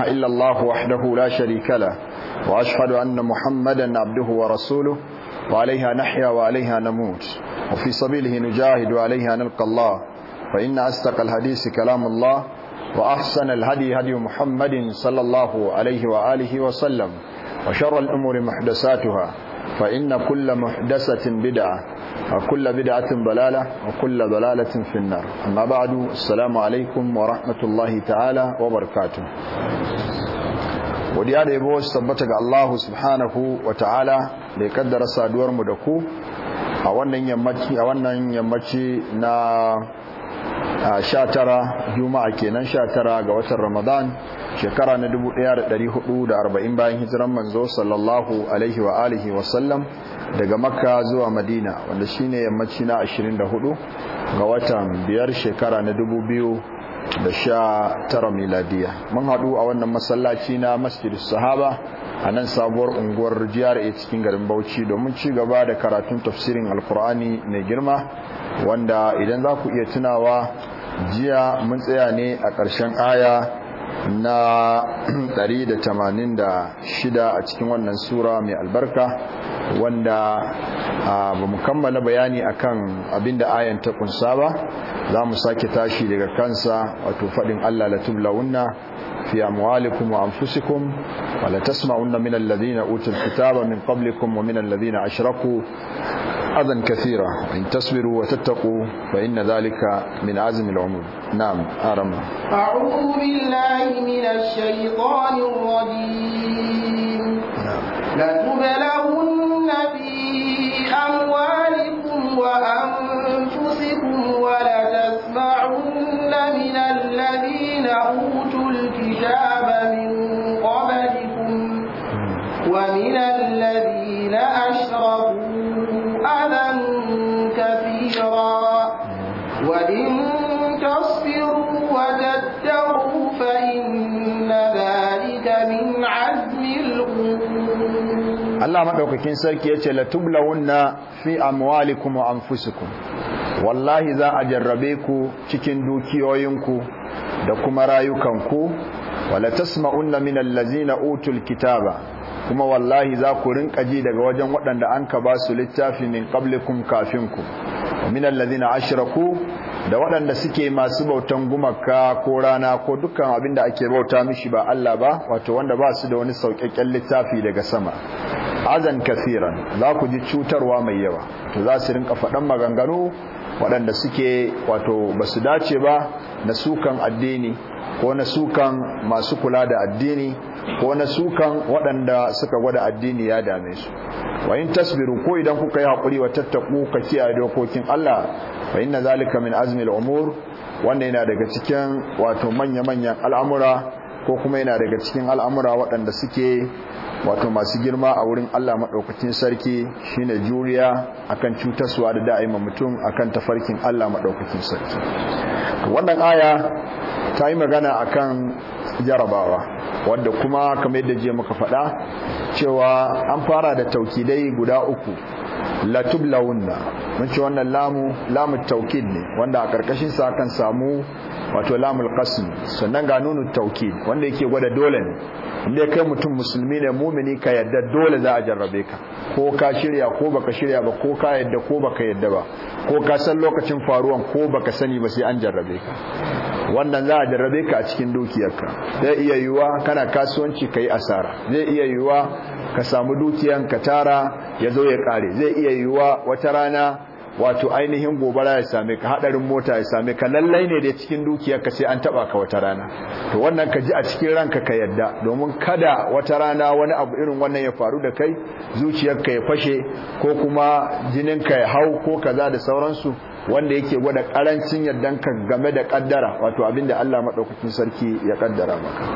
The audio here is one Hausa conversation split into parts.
إلا الله وحده لا شريك له وأشهد أن محمدا عبده ورسوله وعليها نحيا وعليها نموت وفي سبيله نجاهد وعليها نلقى الله فإن أصدق الحديث كلام الله وأحسن الهدي هدي محمد صلى الله عليه وآله وسلم وشر الأمور محدثاتها فإن كل محدثة بدعة وكل بدعة ضلالة وكل ضلالة في النار أما بعد السلام عليكم ورحمة الله تعالى وبركاته ودي هذا يبوش ثبتك الله سبحانه وتعالى لقدر سادور مدكو a wannan yammaci na a sha juma'a kenan sha tara ga watan ramadan shekara na 1440 bayan hijiran manzo sallallahu alaihi wa alihi wa sallam daga makka zuwa madina wanda shine yammaci na 24 ga watan biyar shekara na 2019 miladiya mun haɗu a wannan masallaci na masjidus sahaba a nan sabuwar unguwar GRA cikin garin Bauchi domin ci gaba da karatun tafsirin Alkur'ani mai girma wanda idan za ku iya tunawa jiya mun tsaya ne a ƙarshen aya na 186 a cikin wannan sura mai albarka wanda ba mu kammala bayani akan abinda ayan ta kunsa ba za mu sake tashi daga kansa wato faɗin Allah tun launa fi amwalikum wa anfusikum wa la tasma'unna min alladhina utul kitaba min qablikum wa min alladhina ashraku أذى كثيرة إن تصبروا وتتقوا فإن ذلك من عزم العمر نعم آرم أعوذ بالله من الشيطان الرجيم نعم. لتبلغن في أموالكم وأنفسكم ولتسمعن من الذين أوتوا الكتاب Allah madaukakin sarki yace la tublawunna fi amwalikum wa anfusikum wallahi za a jarrabe ku cikin dukiyoyinku da kuma rayukanku wala tasma'unna min allazina utul kitaba kuma wallahi za ku rinka ji daga wajen waɗanda an ka ba su littafi min qablikum kafinku wa min allazina ashraku da waɗanda suke masu bautan gumaka ko rana ko dukkan abin da ake bauta mishi ba Allah ba wato wanda ba su da wani sauƙaƙƙen littafi daga sama azan kafiran za ku ji cutarwa mai yawa to za su rinka faɗan maganganu waɗanda suke wato ba su dace ba na sukan addini ko na sukan masu kula da addini ko na sukan waɗanda suka gwada addini ya dame su wa tasbiru ko idan kuka yi haƙuri wa tattaku ka kiyaye dokokin Allah fa inna zalika min azmil umur wannan yana daga cikin wato manya-manyan al'amura ko kuma yana daga cikin al'amura waɗanda suke wato masu girma a wurin Allah maɗaukacin sarki shine juriya akan cutaswa da da'ima mutum akan tafarkin Allah maɗaukacin sarki wannan aya ta yi magana akan jarabawa wadda kuma kamar yadda jiya muka faɗa cewa an fara da taukidai guda uku latub launna mun ce wannan lamu lamu taukid ne wanda a karkashin sa kan samu wato lamul qasm sannan ga nunu taukid wanda yake gwada dole ne inda kai mutum musulmi ne mumini ka yadda dole za a jarrabe ka ko ka shirya ko baka shirya ba ko ka yadda ko baka yadda ba ko ka san lokacin faruwan ko baka sani ba sai an jarrabe ka wannan za a jarrabe ka a cikin dukiyarka zai iya yiwuwa kana kasuwanci ka asara zai iya yiwuwa ka samu dukiyan ka tara ya zo ya kare zai iya yiwuwa wata rana wato ainihin gobara ya same ka hadarin mota ya same ka lallai ne da cikin dukiya ka sai an taba ka wata rana to wannan ka ji a cikin ranka ka yadda domin kada wata rana wani abu irin wannan ya faru da kai zuciyarka ya fashe ko kuma jininka ya hau ko kaza da sauransu wanda yake gwada karancin yardanka game da kaddara wato abinda Allah madaukakin sarki ya kaddara maka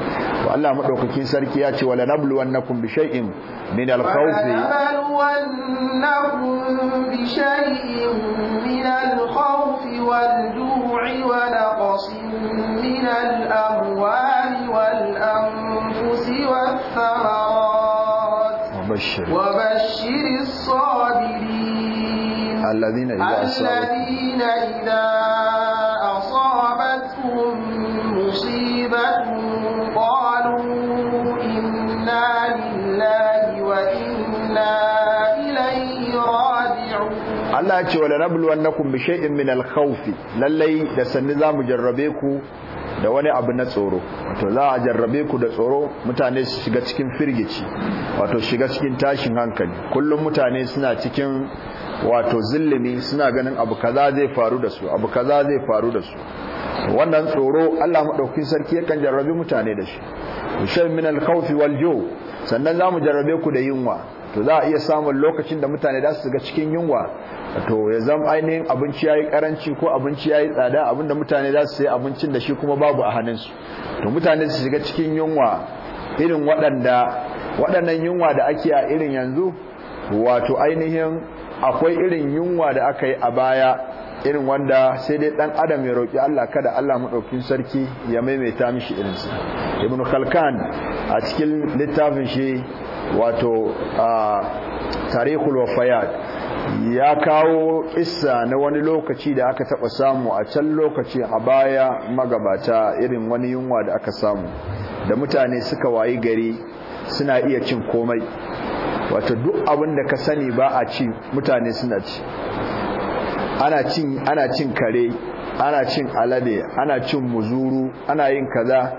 to Allah madaukakin sarki ya ce wala nabluwannakum bi shay'in min al-khawf nabluwannakum bi shay'in min al-khawf wal-ju'i wa naqsin min al-amwali wal-anfusi wath-thamarati وبشر الصابرين الذين إذا الذين إذا أصابتهم مصيبة قالوا إنا لله وإنا إليه راجعون Allah ya ce wa lanabluwannakum bi shay'in min al-khawf lallai da sanni zamu jarrabe ku da wani abu na tsoro wato za a jarrabe ku da tsoro mutane su shiga cikin firgici wato shiga cikin tashin hankali kullum mutane suna cikin wato zillimi suna ganin abu kaza zai faru da su abu kaza zai faru da su wannan tsoro Allah madaukakin sarki yakan jarrabe mutane da shi shay min al-khawf wal sannan zamu jarrabe ku da yunwa to za a iya samun lokacin da mutane da su ga cikin yunwa to ya zama ainihin abinci yayi karanci ko abinci yayi tsada abinda mutane za su sayi abincin da shi kuma babu a hannun su to mutane su shiga cikin yunwa irin waɗanda waɗannan yunwa da ake a irin yanzu wato ainihin akwai irin yunwa da aka yi a baya irin wanda sai dai dan adam ya roƙi Allah kada Allah maɗaukin sarki ya maimaita mishi irin su ibnu khalkan a cikin littafin shi wato tarihul wafayat ya kawo kissa na wani lokaci da aka taɓa samu a can lokaci a baya magabata irin wani yunwa da aka samu da mutane suka wayi gari suna iya cin komai wato duk abin da ka sani ba a ci mutane suna ci ana cin kare ana cin alade ana cin muzuru ana yin kaza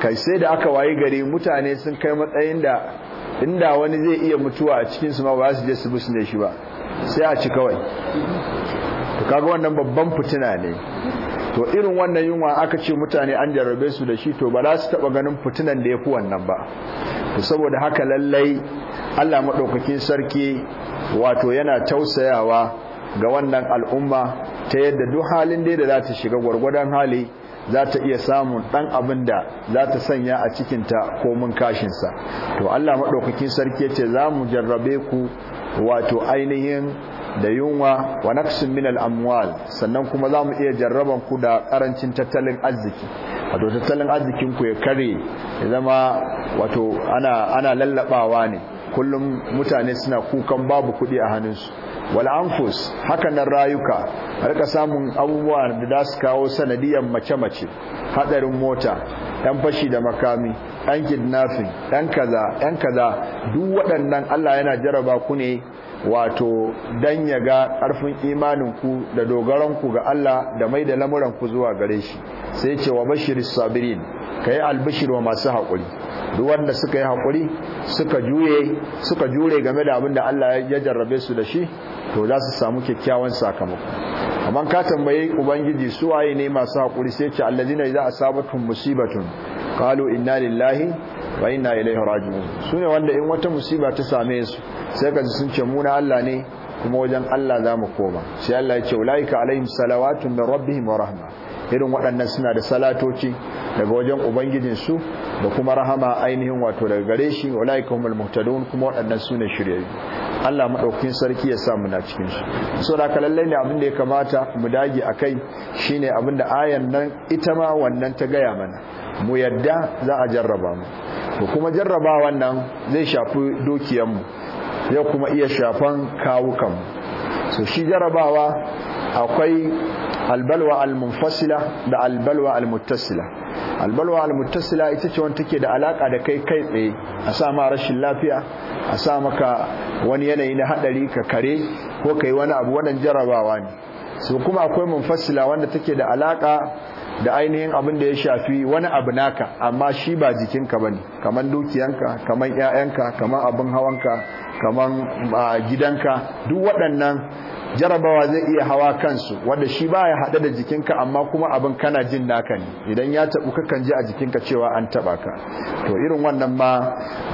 kai sai da aka wayi gari mutane sun kai matsayin da inda wani zai iya mutuwa a cikin su ma ba su je su bisne shi ba sai a ci kawai to kaga wannan babban fitina ne to irin wannan yunwa aka ce mutane an jarrabe su da shi to ba za su taba ganin fitinan da ya fi wannan ba to saboda haka lallai Allah maɗaukakin sarki wato yana tausayawa ga wannan al'umma ta yadda duk halin dai da za ta shiga gwargwadon hali za ta iya samun ɗan abin da za ta sanya a cikinta ko mun kashinsa to Allah maɗaukakin sarki ce za mu jarrabe ku wato ainihin da yunwa wa naqsin min al-amwal sannan kuma za mu iya jarraban ku da ƙarancin tattalin arziki wato tattalin arzikin ku ya kare ya zama wato ana ana lallabawa ne kullum mutane suna kukan babu kuɗi a hannunsu wal anfus haka nan rayuka rika samun abubuwa da za su kawo sanadiyar mace-mace hadarin mota ɗan fashi da makami ɗan kidnafin ɗan kaza ɗan kaza duk waɗannan Allah yana jaraba ku ne wato dan ya ga ƙarfin imaninku da dogaranku ga Allah da mai da lamuranku zuwa gare shi sai cewa wa sabirin ka yi albishir wa masu haƙuri duk wanda suka yi haƙuri suka juye suka jure game da abin da Allah ya jarrabe su da shi to za su samu kyakkyawan sakamako amma ka tambaye ubangiji su waye ne masu haƙuri sai ce allazina idza asabatuhum musibatun Kalu inna lillahi wa inna ilaihi raji'un sune wanda in wata musiba ta same su sai ka ji sun ce mu na Allah ne kuma wajen Allah za mu koma sai Allah ya ce ulaika alaihim salawatun min rabbihim wa rahma irin waɗannan suna da salatoci daga wajen ubangijin su da kuma rahama ainihin wato daga gare shi ulaika humul muhtadun kuma waɗannan sune shiryayyu Allah madaukakin sarki ya sa mu na cikin su so da lallai ne abin da ya kamata mu dage akai shine abin da ayan nan ita ma wannan ta gaya mana mu yadda za a jarraba mu to kuma jarraba wannan zai shafi dukiyar mu ya kuma iya shafan kawukan mu so shi jarrabawa akwai albalwa almunfasila da albalwa almuttasila albalwa almuttasila ita ce wanda take da alaka da kai kai tsaye a sa ma rashin lafiya a sa maka wani yanayi na hadari ka kare ko kai wani abu wannan jarrabawa ne so kuma akwai munfasila wanda take da alaka da ainihin abin da ya shafi wani abu naka amma shi ba jikinka bane kaman dukiyanka kaman ƴaƴanka kaman abin hawanka kaman ah, gidanka duk waɗannan jarabawa zai iya hawa kansu wanda shi baya hada da jikinka amma kuma abin kana jin naka ne idan ya tabu kakan ji a jikinka cewa an taba ka to irin wannan ma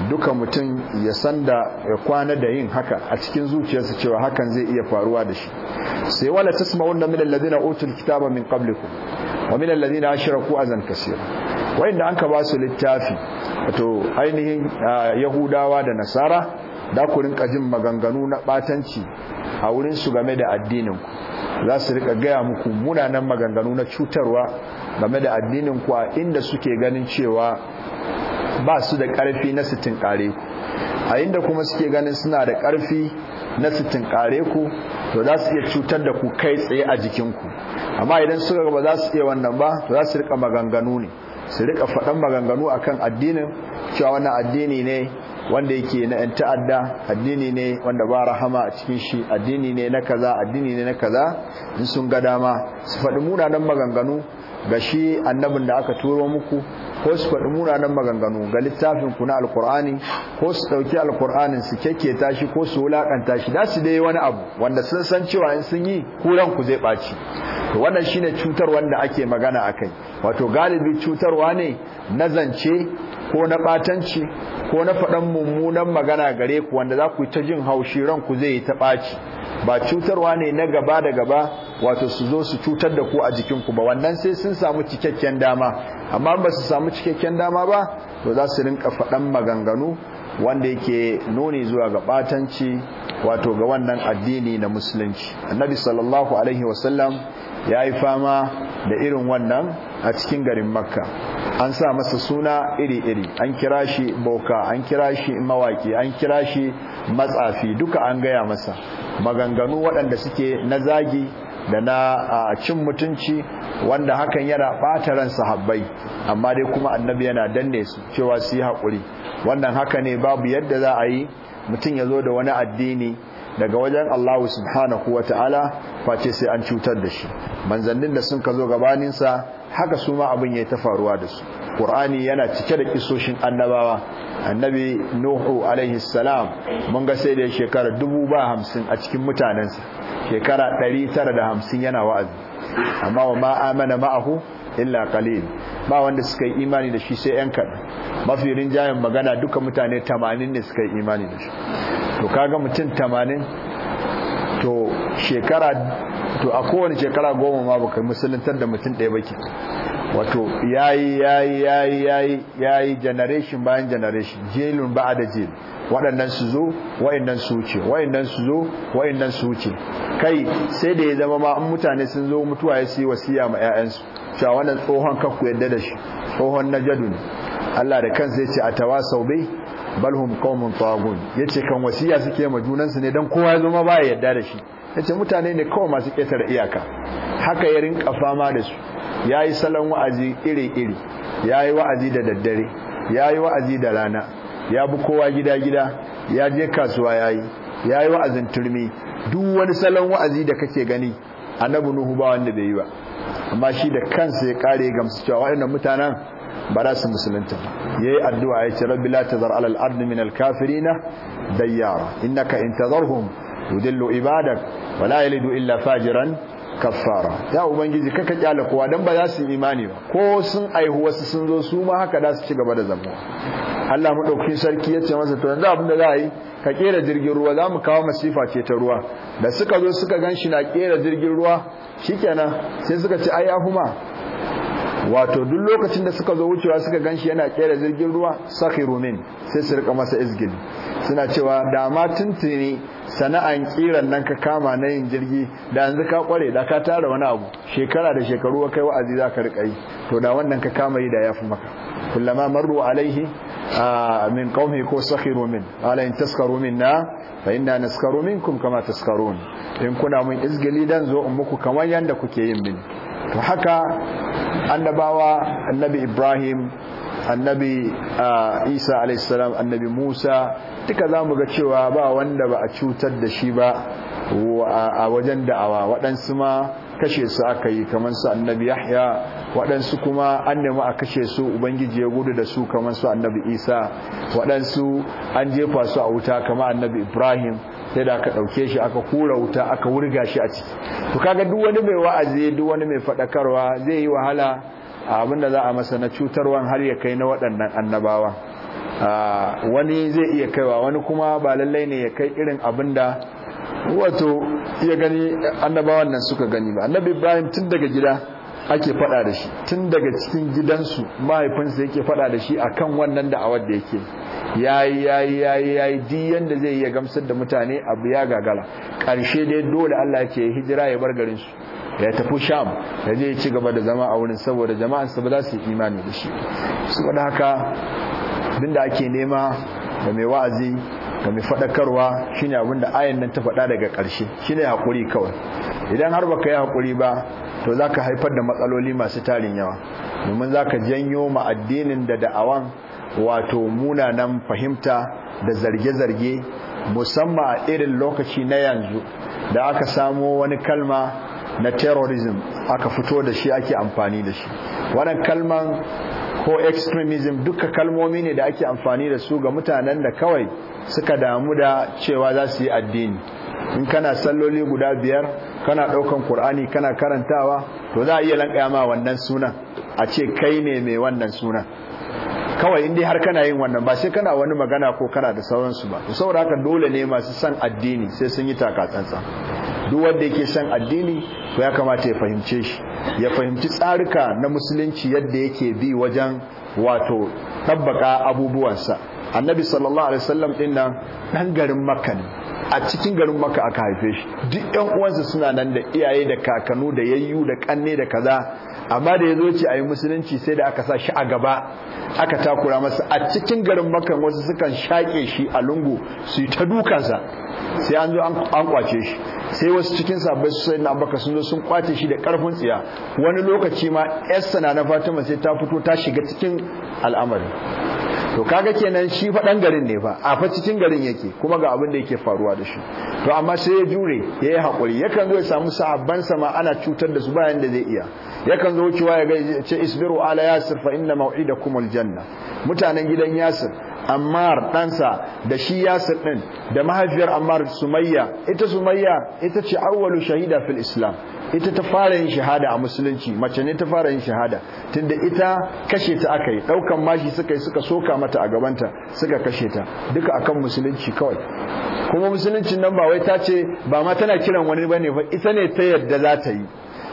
duka mutum ya sanda ya kwana da yin haka a cikin zuciyarsa cewa hakan zai iya faruwa da shi sai wala tasma'unna min alladhina utul kitaba min qablikum wa min alladhina ashraku azan kaseer wa'inda anka ba su littafi to ainihin ah, yahudawa da nasara da ku rinka jin maganganu na batanci a wurin su game da addinin ku za su rika gaya muku munanan maganganu na cutarwa game da addinin ku a inda suke ganin cewa ba su da ƙarfi na sitin kare ku a inda kuma suke ganin suna da karfi na sitin kare ku to za su iya cutar da ku kai tsaye a jikinku amma idan suka ba za su iya wannan ba to za su rika maganganu ne su rika faɗan maganganu akan addinin cewa wannan addini ne wanda yake na yan ta'adda addini ne wanda ba rahama a cikin shi addini ne na kaza addini ne na kaza in sun ga dama su faɗi munanan maganganu ga shi annabin da aka turo muku ko su faɗi munanan maganganu ga littafin ku na alkur'ani ko su ɗauki alkur'anin su kyakketa shi ko su wulaƙanta shi da su dai wani abu wanda sun san cewa in sun yi kuran ku zai ɓaci to wannan shine cutar wanda ake magana a kai wato galibi cutarwa ne na zance ko na batanci ko na faɗan mummunan magana gare ku wanda za ku yi ta jin haushi ranku zai yi ta ɓaci ba cutarwa ne na gaba da gaba wato su zo su cutar da ku a jikinku ba wannan sai sun samu cikakken dama amma ba su samu cikakken dama ba to za su rinka faɗan maganganu wanda yake nuni zuwa ga batanci wato ga wannan addini na musulunci annabi sallallahu alaihi wasallam ya yi fama da irin wannan a cikin garin makka an sa masa suna iri-iri an kira shi boka an kira shi mawaki an kira shi matsafi duka an gaya masa maganganu waɗanda suke na zagi da na cin mutunci wanda hakan yana ɓata ran sahabbai amma dai kuma annabi yana danne su cewa su yi haƙuri wannan haka ne babu yadda za a yi mutum ya zo da wani addini daga wajen Allah subhanahu wa ta'ala face sai an cutar da shi manzannin da sun ka zo gabaninsa haka su ma abin ya yi ta faruwa da su ƙur'ani yana cike da kisoshin annabawa annabi Nuhu alaihi salam mun ga sai da shekara hamsin a cikin mutanensa shekara ɗari tara da hamsin yana wa'azi amma wa ma amana ma'ahu illa qalil ba wanda suka yi imani da shi sai yan kadan mafi rinjayen magana duka mutane 80 ne suka yi imani da shi to kaga mutum 80 to shekara to a kowane shekara goma ma baka musuluntar da mutum ɗaya baki wato yayi yayi yayi yayi yayi generation bayan generation jelun ba da jil waɗannan su zo waɗannan su wuce waɗannan su zo waɗannan su wuce kai sai da ya zama ma mutane sun zo mutuwa ya sai wasiya ma 'ya'yansu cewa wannan tsohon ka ku yadda da shi tsohon najadu ne Allah da kansa yace sau bai balhum qaumun tawagun yace kan wasiya suke ma junansu ne dan kowa ya zama baya yadda da shi yace mutane ne kawai masu ketare iyaka haka ya rinka fama da su yayi salon wa'azi iri-iri yayi wa'azi da daddare yayi wa'azi da rana ya bi kowa gida-gida ya je kasuwa yayi yayi wa'azin turmi duk wani salon wa'azi da kake gani annabi nuhu ba wanda bai yi ba amma shi da kansa ya kare gamsu cewa waɗannan mutanen ba za su musulunta yayi addu'a ya ce rabbi la tazar alal ardi min al kafirina dayyara innaka in yudillu ibadak wa la yalidu illa fajiran kaffara ya ubangiji kaka kyala kowa dan ba za su imani ba ko sun aihu wasu sun zo su ma haka da su ci gaba da zama Allah dauki sarki ya ce masa to yanzu abin za a yi ka kera jirgin ruwa za mu kawo masifa ce ta ruwa da suka zo suka gan shi na kera jirgin ruwa shikenan sai suka ci ai wato duk lokacin da suka zo wucewa suka ganshi yana kera jirgin ruwa sakhiru min sai su rika masa izgil suna cewa da ma tuntuni sana'an kiran nan ka kama na yin jirgi da yanzu ka kware da ka tara wani abu shekara da shekaru kai wa'azi za ka rika yi to da wannan ka kama yi da yafi maka kullama marru alaihi min qaumihi ko sakhiru min ala in taskaru minna fa inna naskaru minkum kama taskarun in kuna mun izgili dan zo in muku kamar yanda kuke yin mini to haka annabawa annabi ibrahim annabi uh, isa alaihissalam annabi musa duka zamu ga cewa ba wanda ba a cutar da shi ba a wajen da'awa waɗansu ma kashe su aka yi kamar su annabi yahya waɗansu kuma an nemi a kashe su ubangiji ya gudu da su kamar su annabi isa waɗansu an jefa su a wuta kamar annabi ibrahim sai da aka ɗauke shi aka kura wuta aka wurga shi a ciki to kaga duk wani mai wa'azi duk wani mai fadakarwa zai yi wahala abinda za a masa na cutarwan har ya kai na waɗannan annabawa wani zai iya kaiwa wani kuma ba lallai ne ya kai irin abinda wato ya gani annabawan nan suka gani ba annabi ibrahim tun daga gida ake fada da shi tun daga cikin gidansu mahaifinsa yake fada da shi akan wannan da'awar da yake yayi yayi yayi yayi duk yanda zai iya gamsar da mutane abu ya gagala karshe dai dole Allah yake ya hijira ya bar garin su ya tafi sham ya je ya ci gaba da zama a wurin saboda jama'an sa ba za su yi imani da shi saboda haka din ake nema da mai wa'azi ga mai faɗakarwa shine abin da ayan nan ta faɗa daga ƙarshe shine hakuri kawai idan har baka yi haƙuri ba to zaka haifar da matsaloli masu tarin yawa domin zaka janyo ma addinin da da'awan wato munanan fahimta da zarge-zarge musamman a irin lokaci na yanzu da aka samo wani kalma na terrorism aka fito da shi ake amfani da shi wannan kalman ko extremism duka kalmomi ne da ake amfani da su ga mutanen da kawai suka damu da cewa za su yi addini in kana salloli guda biyar kana ɗaukan Kur'ani kana karantawa to za a iya lankaya ma wannan sunan a ce kai ne mai wannan sunan kawai in dai har kana yin wannan ba sai kana wani magana ko kana da sauransu ba to saboda haka dole ne masu san addini sai sun yi taka tsantsan. duk wanda yake san addini to ya kamata ya fahimce shi ya fahimci tsarika na musulunci yadda yake bi wajen wato tabbaka abubuwansa annabi sallallahu alaihi wasallam din nan dan garin makka ne a cikin garin makka aka haife shi duk yan uwansa suna nan da iyaye da kakanu da yayyu da kanne da kaza amma da ya zo ce a yi musulunci sai da aka sa shi a gaba aka takura masa a cikin garin makon wasu sukan shaƙe shi a lungu su yi ta dukansa sai an zo an kwace shi sai wasu cikin sabbai su sai na baka sun zo sun kwace shi da karfin tsiya wani lokaci ma yasa na na fatima sai ta fito ta shiga cikin al'amari. to kaga kenan shi fa garin ne fa a fa cikin garin yake kuma ga abin da yake faruwa da shi to amma sai ya jure ya yayi hakuri yakan zo ya samu sahabban sa ana cutar da su bayan da zai iya yakan zo wucewa ya ga ce isbiru ala yasir fa inna maw'idakum aljanna mutanen gidan yasir ammar ɗansa da shi yasir ɗin da mahaifiyar ammar sumayya ita sumayya ita ce awwalu shahida fil islam ita ta fara yin shahada a musulunci mace ne ta fara yin shahada tunda ita kashe ta aka yi ɗaukan mashi suka yi suka soka mata a gabanta suka kashe ta duka akan musulunci kawai kuma musulunci nan ba wai ta ce ba ma tana kiran wani bane ba ita ne ta yadda za ta yi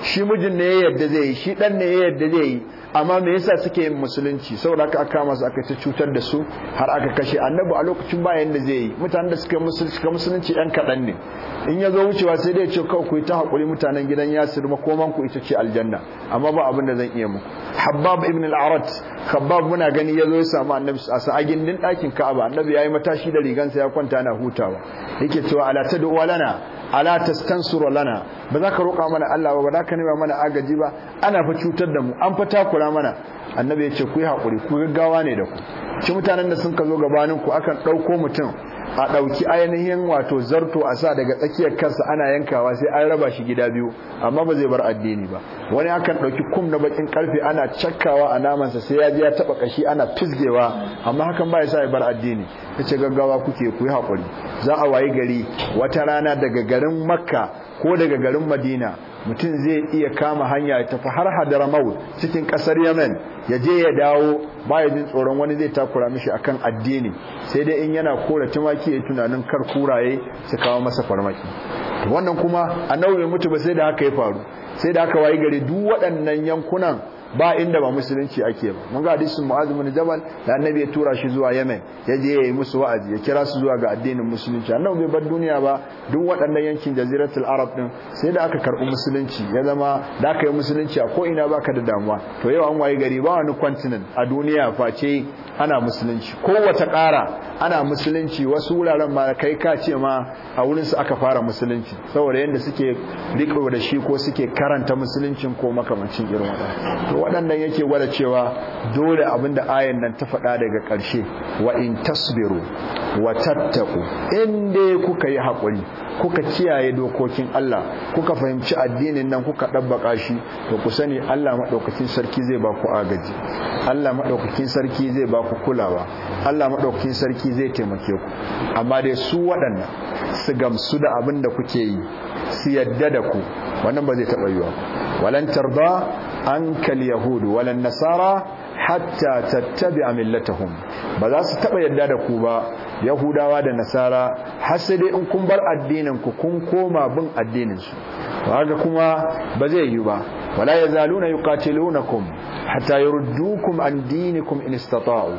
shi mijin ne ya yadda zai yi shi dan ne ya yadda zai yi amma me yasa suke yin musulunci saboda aka kama su aka cutar da su har aka kashe annabi a lokacin bayan da zai yi mutanen da suka musulunci musulunci yan kaɗan ne in ya zo wucewa sai dai ce kawai ku yi ta haƙuri mutanen gidan yasir makoman ku ita ce aljanna amma ba abin da zan iya muku habbab ibn al-arat habbab muna gani ya zo ya samu annabi a sa'agin din ɗakin ka'aba annabi ya yi matashi da sa ya kwanta na hutawa yake cewa ala tad'u lana ala tastansuru lana ba za ka roƙa mana Allah ba ba za ka nema mana agaji ba ana fa cutar da mu an fa takura mana annabi ya ce ku yi haƙuri ku gaggawa ne da ku shi mutanen da sun ka zo gabanin ku akan ɗauko mutum a ɗauki ainihin wato zarto a sa daga tsakiyar kansa ana yankawa sai an raba shi gida biyu amma ba zai bar addini ba wani akan ɗauki kum na bakin karfe ana cakkawa a namansa sai ya ji ya taɓa kashi ana fisgewa amma hakan ba ya sa ya bar addini ta ce gaggawa kuke ku yi haƙuri za a wayi gari wata rana daga garin makka ko daga garin madina mutum zai iya kama hanya ya tafi har maul cikin kasar yemen ya je ya dawo baya jin tsoron wani zai takura mishi akan addini sai dai in yana kora tumaki ya tunanin kar kuraye su kawo masa farmaki wannan kuma a nau'in mutu ba sai da haka ya faru sai da haka wayi gari duk waɗannan yankunan ba inda ba musulunci ake ba mun ga hadisin Mu'adh bin Jabal da annabi ya tura shi zuwa Yemen ya je ya yi musu wa'azi ya kira su zuwa ga addinin musulunci annabi bai bar duniya ba duk waɗannan yankin jaziratul arab din sai da aka karɓi musulunci ya zama da aka yi musulunci a ko ina baka da damuwa to yau an wayi gari ba wani continent a duniya face ana musulunci Ko wata ƙara ana musulunci wasu wuraren ma kai ka ce ma a wurin su aka fara musulunci saboda yanda suke riƙo da shi ko suke karanta musuluncin ko makamancin irin wannan waɗannan yake gwada cewa dole abinda ayan nan ta faɗa daga ƙarshe wa in tasbiru wa tattaku in dai kuka yi haƙuri kuka kiyaye dokokin Allah kuka fahimci addinin nan kuka ɗabbaka shi to ku sani Allah maɗaukakin sarki zai ba ku agaji Allah maɗaukakin sarki zai ba ku kulawa Allah maɗaukakin sarki zai taimake ku amma dai su waɗannan su gamsu da abin da kuke yi su yadda da ku wannan ba zai taɓa yiwa walan tarda ankal yahudu wala nasara hatta a millatahum ba za su taba yadda da ku ba yahudawa da nasara har dai in kun bar addinin ku kun koma bin addininsu, ba haka kuma ba zai yi ba wala yazaluna yuqatilunakum hatta yurdukum an dinikum in istata'u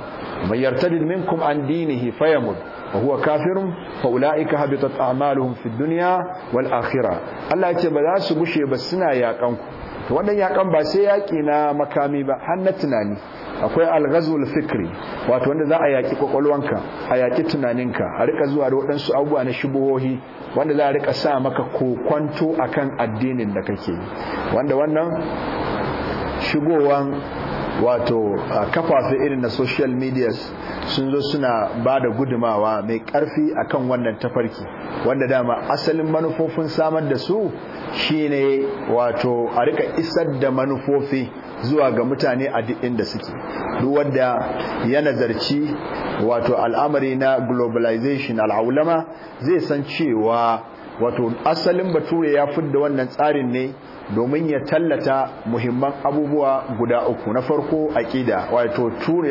man yartadid minkum an dinihi fayamut وهو كافر فأولئك هبطت أعمالهم في الدنيا والآخرة الله يتبذل سبشي بسنا يا قنكم to wannan yakan ba sai yaki na makami ba har na tunani akwai alghazul fikri wato wanda za a yaki kwakwalwanka a yaki tunaninka a rika zuwa da waɗansu abubuwa na shubuhohi wanda za a rika sa maka kokwanto akan addinin da kake yi wanda wannan shigowan wato a kafafe irin na social medias sun zo suna ba da gudumawa mai karfi akan wannan tafarki wanda dama asalin manufofin samar da su shine wato a rika isar da manufofi zuwa ga mutane a duk inda suke duk wanda ya nazarci wato al'amari na globalization al'aulama zai san cewa wato asalin bature ya fidda wannan tsarin ne domin ya tallata muhimman abubuwa guda uku na farko aƙida wato ture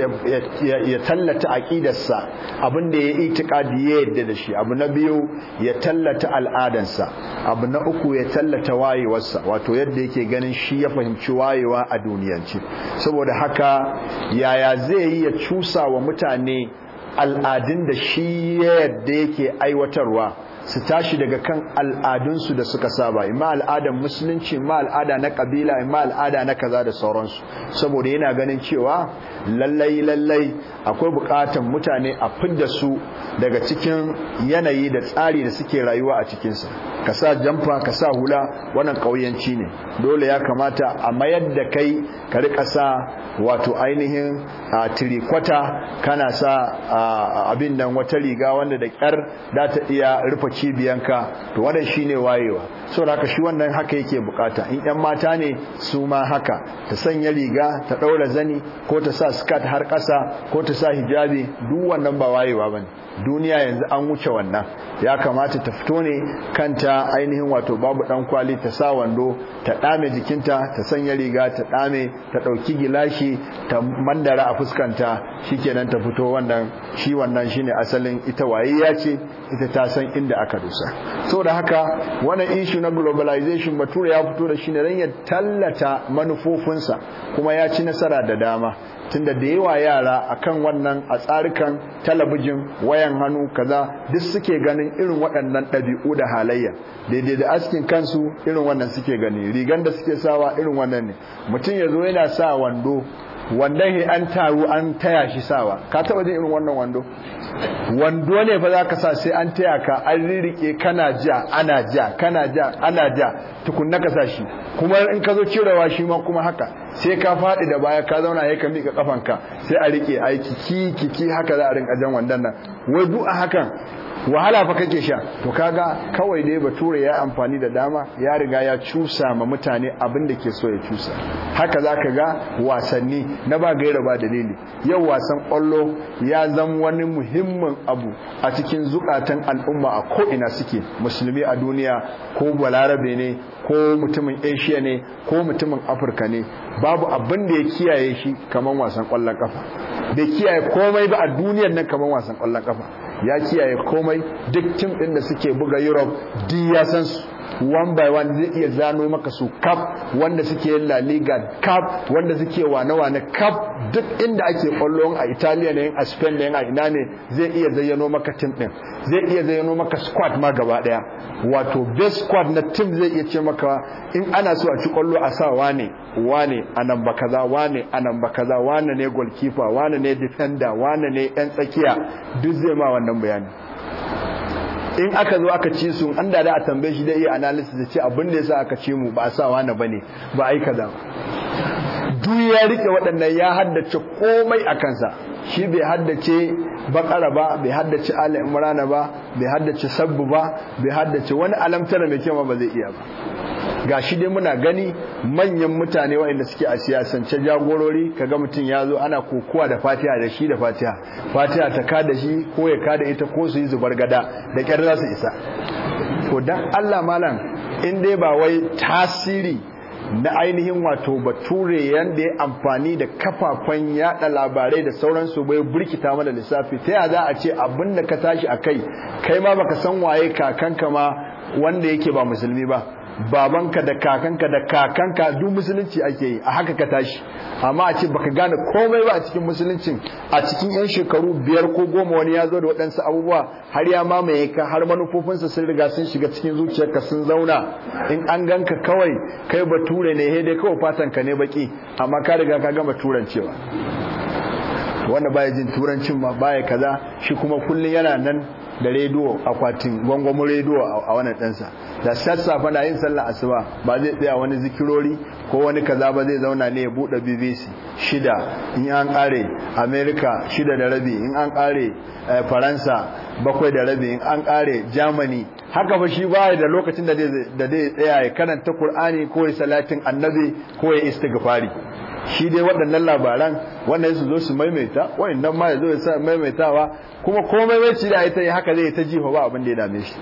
ya tallata aƙidarsa abinda ya itikadi ya yadda da shi abu na biyu ya tallata al'adansa abu na uku ya tallata wayewarsa wato yadda yake ganin shi ya fahimci wayewa a duniyanci saboda haka yaya zai yi ya cusa wa mutane al'adun da shi ya yadda yake aiwatarwa su tashi daga kan al'adunsu da suka saba ima al'adan musulunci ima al'ada na kabila ma al'ada na kaza da sauransu saboda yana ganin cewa lallai lallai akwai bukatan mutane a fidda su daga cikin yanayi da tsari da suke rayuwa a cikinsa ka sa jamfa ka sa hula wannan kauyanci ne dole ya kamata a mayar da kai ka rika sa wato ainihin a tirikwata kana sa abin nan wata riga wanda da kyar za ta iya rufe ka to wannan shine wayewa saboda haka shi wannan haka yake bukata in ɗan mata ne su ma haka ta sanya riga ta ɗaura zani ko ta sa skirt har ƙasa ko ta sa hijabi duk wannan ba wayewa bane duniya yanzu an wuce wannan ya kamata ta fito ne kanta ainihin wato babu dan kwali ta sa wando ta dame jikinta ta sanya riga ta dame ta dauki gilashi ta mandara a fuskanta shikenan ta fito wannan shi wannan shine asalin ita waye ya ce ita ta san inda aka dosa saboda haka wannan issue na globalization bature ya fito da shi ne ranyar ya tallata manufofinsa kuma ya ci nasara da dama tunda da yawa yara akan wannan a tsarikan talabijin wayan hannu kaza duk suke ganin irin waɗannan ɗabi'u da halayya daidai da askin kansu irin wannan suke gani rigan da suke sawa irin wannan ne mutum ya zo yana sa wando wallahi an taru an taya shi sawa ka taba jin irin wannan wando wando ne fa zaka sa sai an taya ka an ririke kana ja ana ja kana ja ana ja tukunna ka sa shi kuma in ka zo cirewa shi ma kuma haka sai ka faɗi da baya ka zauna ya ka mika kafanka sai a rike aiki ki ki haka za a rinka jan wandan nan wai duk a hakan wahala fa kake sha to kaga kawai dai ba tura ya amfani da dama ya riga ya cusa ma mutane abin da ke so ya cusa haka za ka ga wasanni na ba gaira ba dalili yau wasan kwallo ya zama wani muhimmin abu a cikin zukatan al'umma a ko ina suke musulmi a duniya ko balarabe ne ko mutumin asia ne ko mutumin afirka ne babu abin da ya kiyaye shi kamar wasan kwallon kafa bai kiyaye komai ba a duniyar nan kamar wasan kwallon kafa ya kiyaye komai duk tim din da suke buga Europe duk ya san su one by one zai iya zano maka su kaf wanda suke yin La Liga kaf wanda suke wane-wane kaf duk inda ake kwallon a Italiya ne a Spain ne a ina ne zai iya zayyano maka tim din zai iya zayyano maka squad ma gaba daya wato best squad na tim zai iya ce maka in ana so a ci kwallo a sa wane wane nan ba kaza wane nan ba kaza wane ne goalkeeper wane ne defender wane ne yan tsakiya duk zai ma wannan bayani in aka zo aka ci su an da da a tambaye shi da iya analysis da ce abin da sa aka ce mu ba a sa wani bane ba ai kaza duk ya rike waɗannan ya haddace komai a kansa shi bai haddace bakara ba bai haddace ala imrana ba bai haddace sabbu ba bai haddace wani alamtara mai kyau ba zai iya ba Ga shi dai muna gani manyan mutane waɗanda suke a siyasance jagorori kaga mutum ya zo ana kokowa da fatiha da shi da fatiha fatiha ta kada shi ko ya kada ita ko su yi zubar gada da kyar za su isa to dan Allah malam in dai ba wai tasiri na ainihin wato bature yadda ya amfani da kafafen yada labarai da sauransu bai burkita mana lissafi ta yaya za a ce abin da ka tashi a kai kai ma baka san waye kakanka ma wanda yake ba musulmi ba babanka da kakanka da kakanka duk musulunci ake yi a haka ka tashi amma a ce baka gane komai ba a cikin musuluncin a cikin yan shekaru biyar ko goma wani ya zo da waɗansu abubuwa har ya mamaye ka har manufofinsa sun riga sun shiga cikin zuciyarka sun zauna in an ganka kawai kai bature ne he dai kawai fatan ka ne baki amma ka riga ka gama turancewa wanda baya jin turancin ma baya kaza shi kuma kullun yana nan da rediyo akwatin gwangwamin rediyo a wani ɗansa da sassafe na yin sallar asuba ba zai tsaya wani zikirori ko wani kaza ba zai zauna ne ya buɗe bbc shida in an ƙare Amerika, shida da rabi in an ƙare eh, faransa bakwai da rabi in an ƙare germany haka ba shi ba da lokacin da zai tsaya ya karanta Kur'ani ko ya salatin annabi ko ya istighfari shi dai waɗannan labaran wannan su zo su maimaita nan ma ya zo ya sa maimaitawa kuma komai mai ci da ita yi haka zai ta jifa ba abin da ya dame shi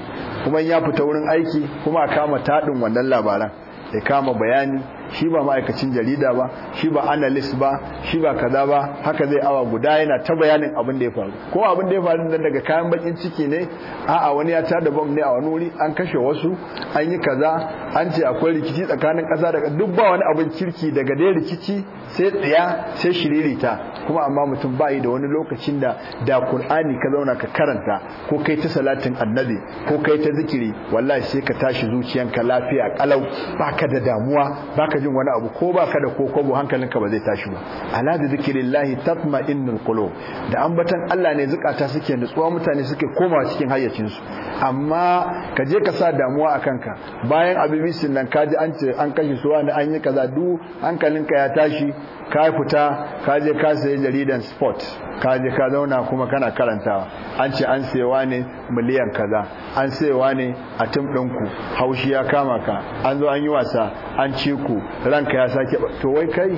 kuma ya fita wurin aiki kuma a kama taɗin wannan labaran ya kama bayani shi ba ma'aikacin jarida ba shi ba analis ba shi ba kaza ba haka zai awa guda yana ta bayanin abin da ya faru ko abin da ya faru nan daga kayan bakin ciki ne a'a wani ya tada bom ne a wani wuri an kashe wasu an yi kaza an ce akwai rikici tsakanin kasa daga duk ba wani abin kirki daga dai rikici sai tsaya sai shiririta kuma amma mutum ba yi da wani lokacin da da Qur'ani ka zauna ka karanta ko kai ta salatin annabi ko kai ta zikiri wallahi sai ka tashi zuciyanka lafiya kalau baka da damuwa baka ka jin wani abu ko baka da kokobo hankalinka ba zai tashi ba ala da zikirillahi tatma'innul qulub da ambatan Allah ne zukata suke nutsuwa mutane suke koma cikin hayyacin su amma ka je ka sa damuwa akan ka bayan abibisin nan ka ji an ce an kashe su wani an yi kaza du hankalinka ya tashi ka fita ka je ka sayi jaridan sport ka je ka zauna kuma kana karantawa an ce an sayewa ne miliyan kaza an sayewa ne a tim ɗinku haushi ya kama ka an zo an yi wasa an ci ku ranka ya sake ba to wai kai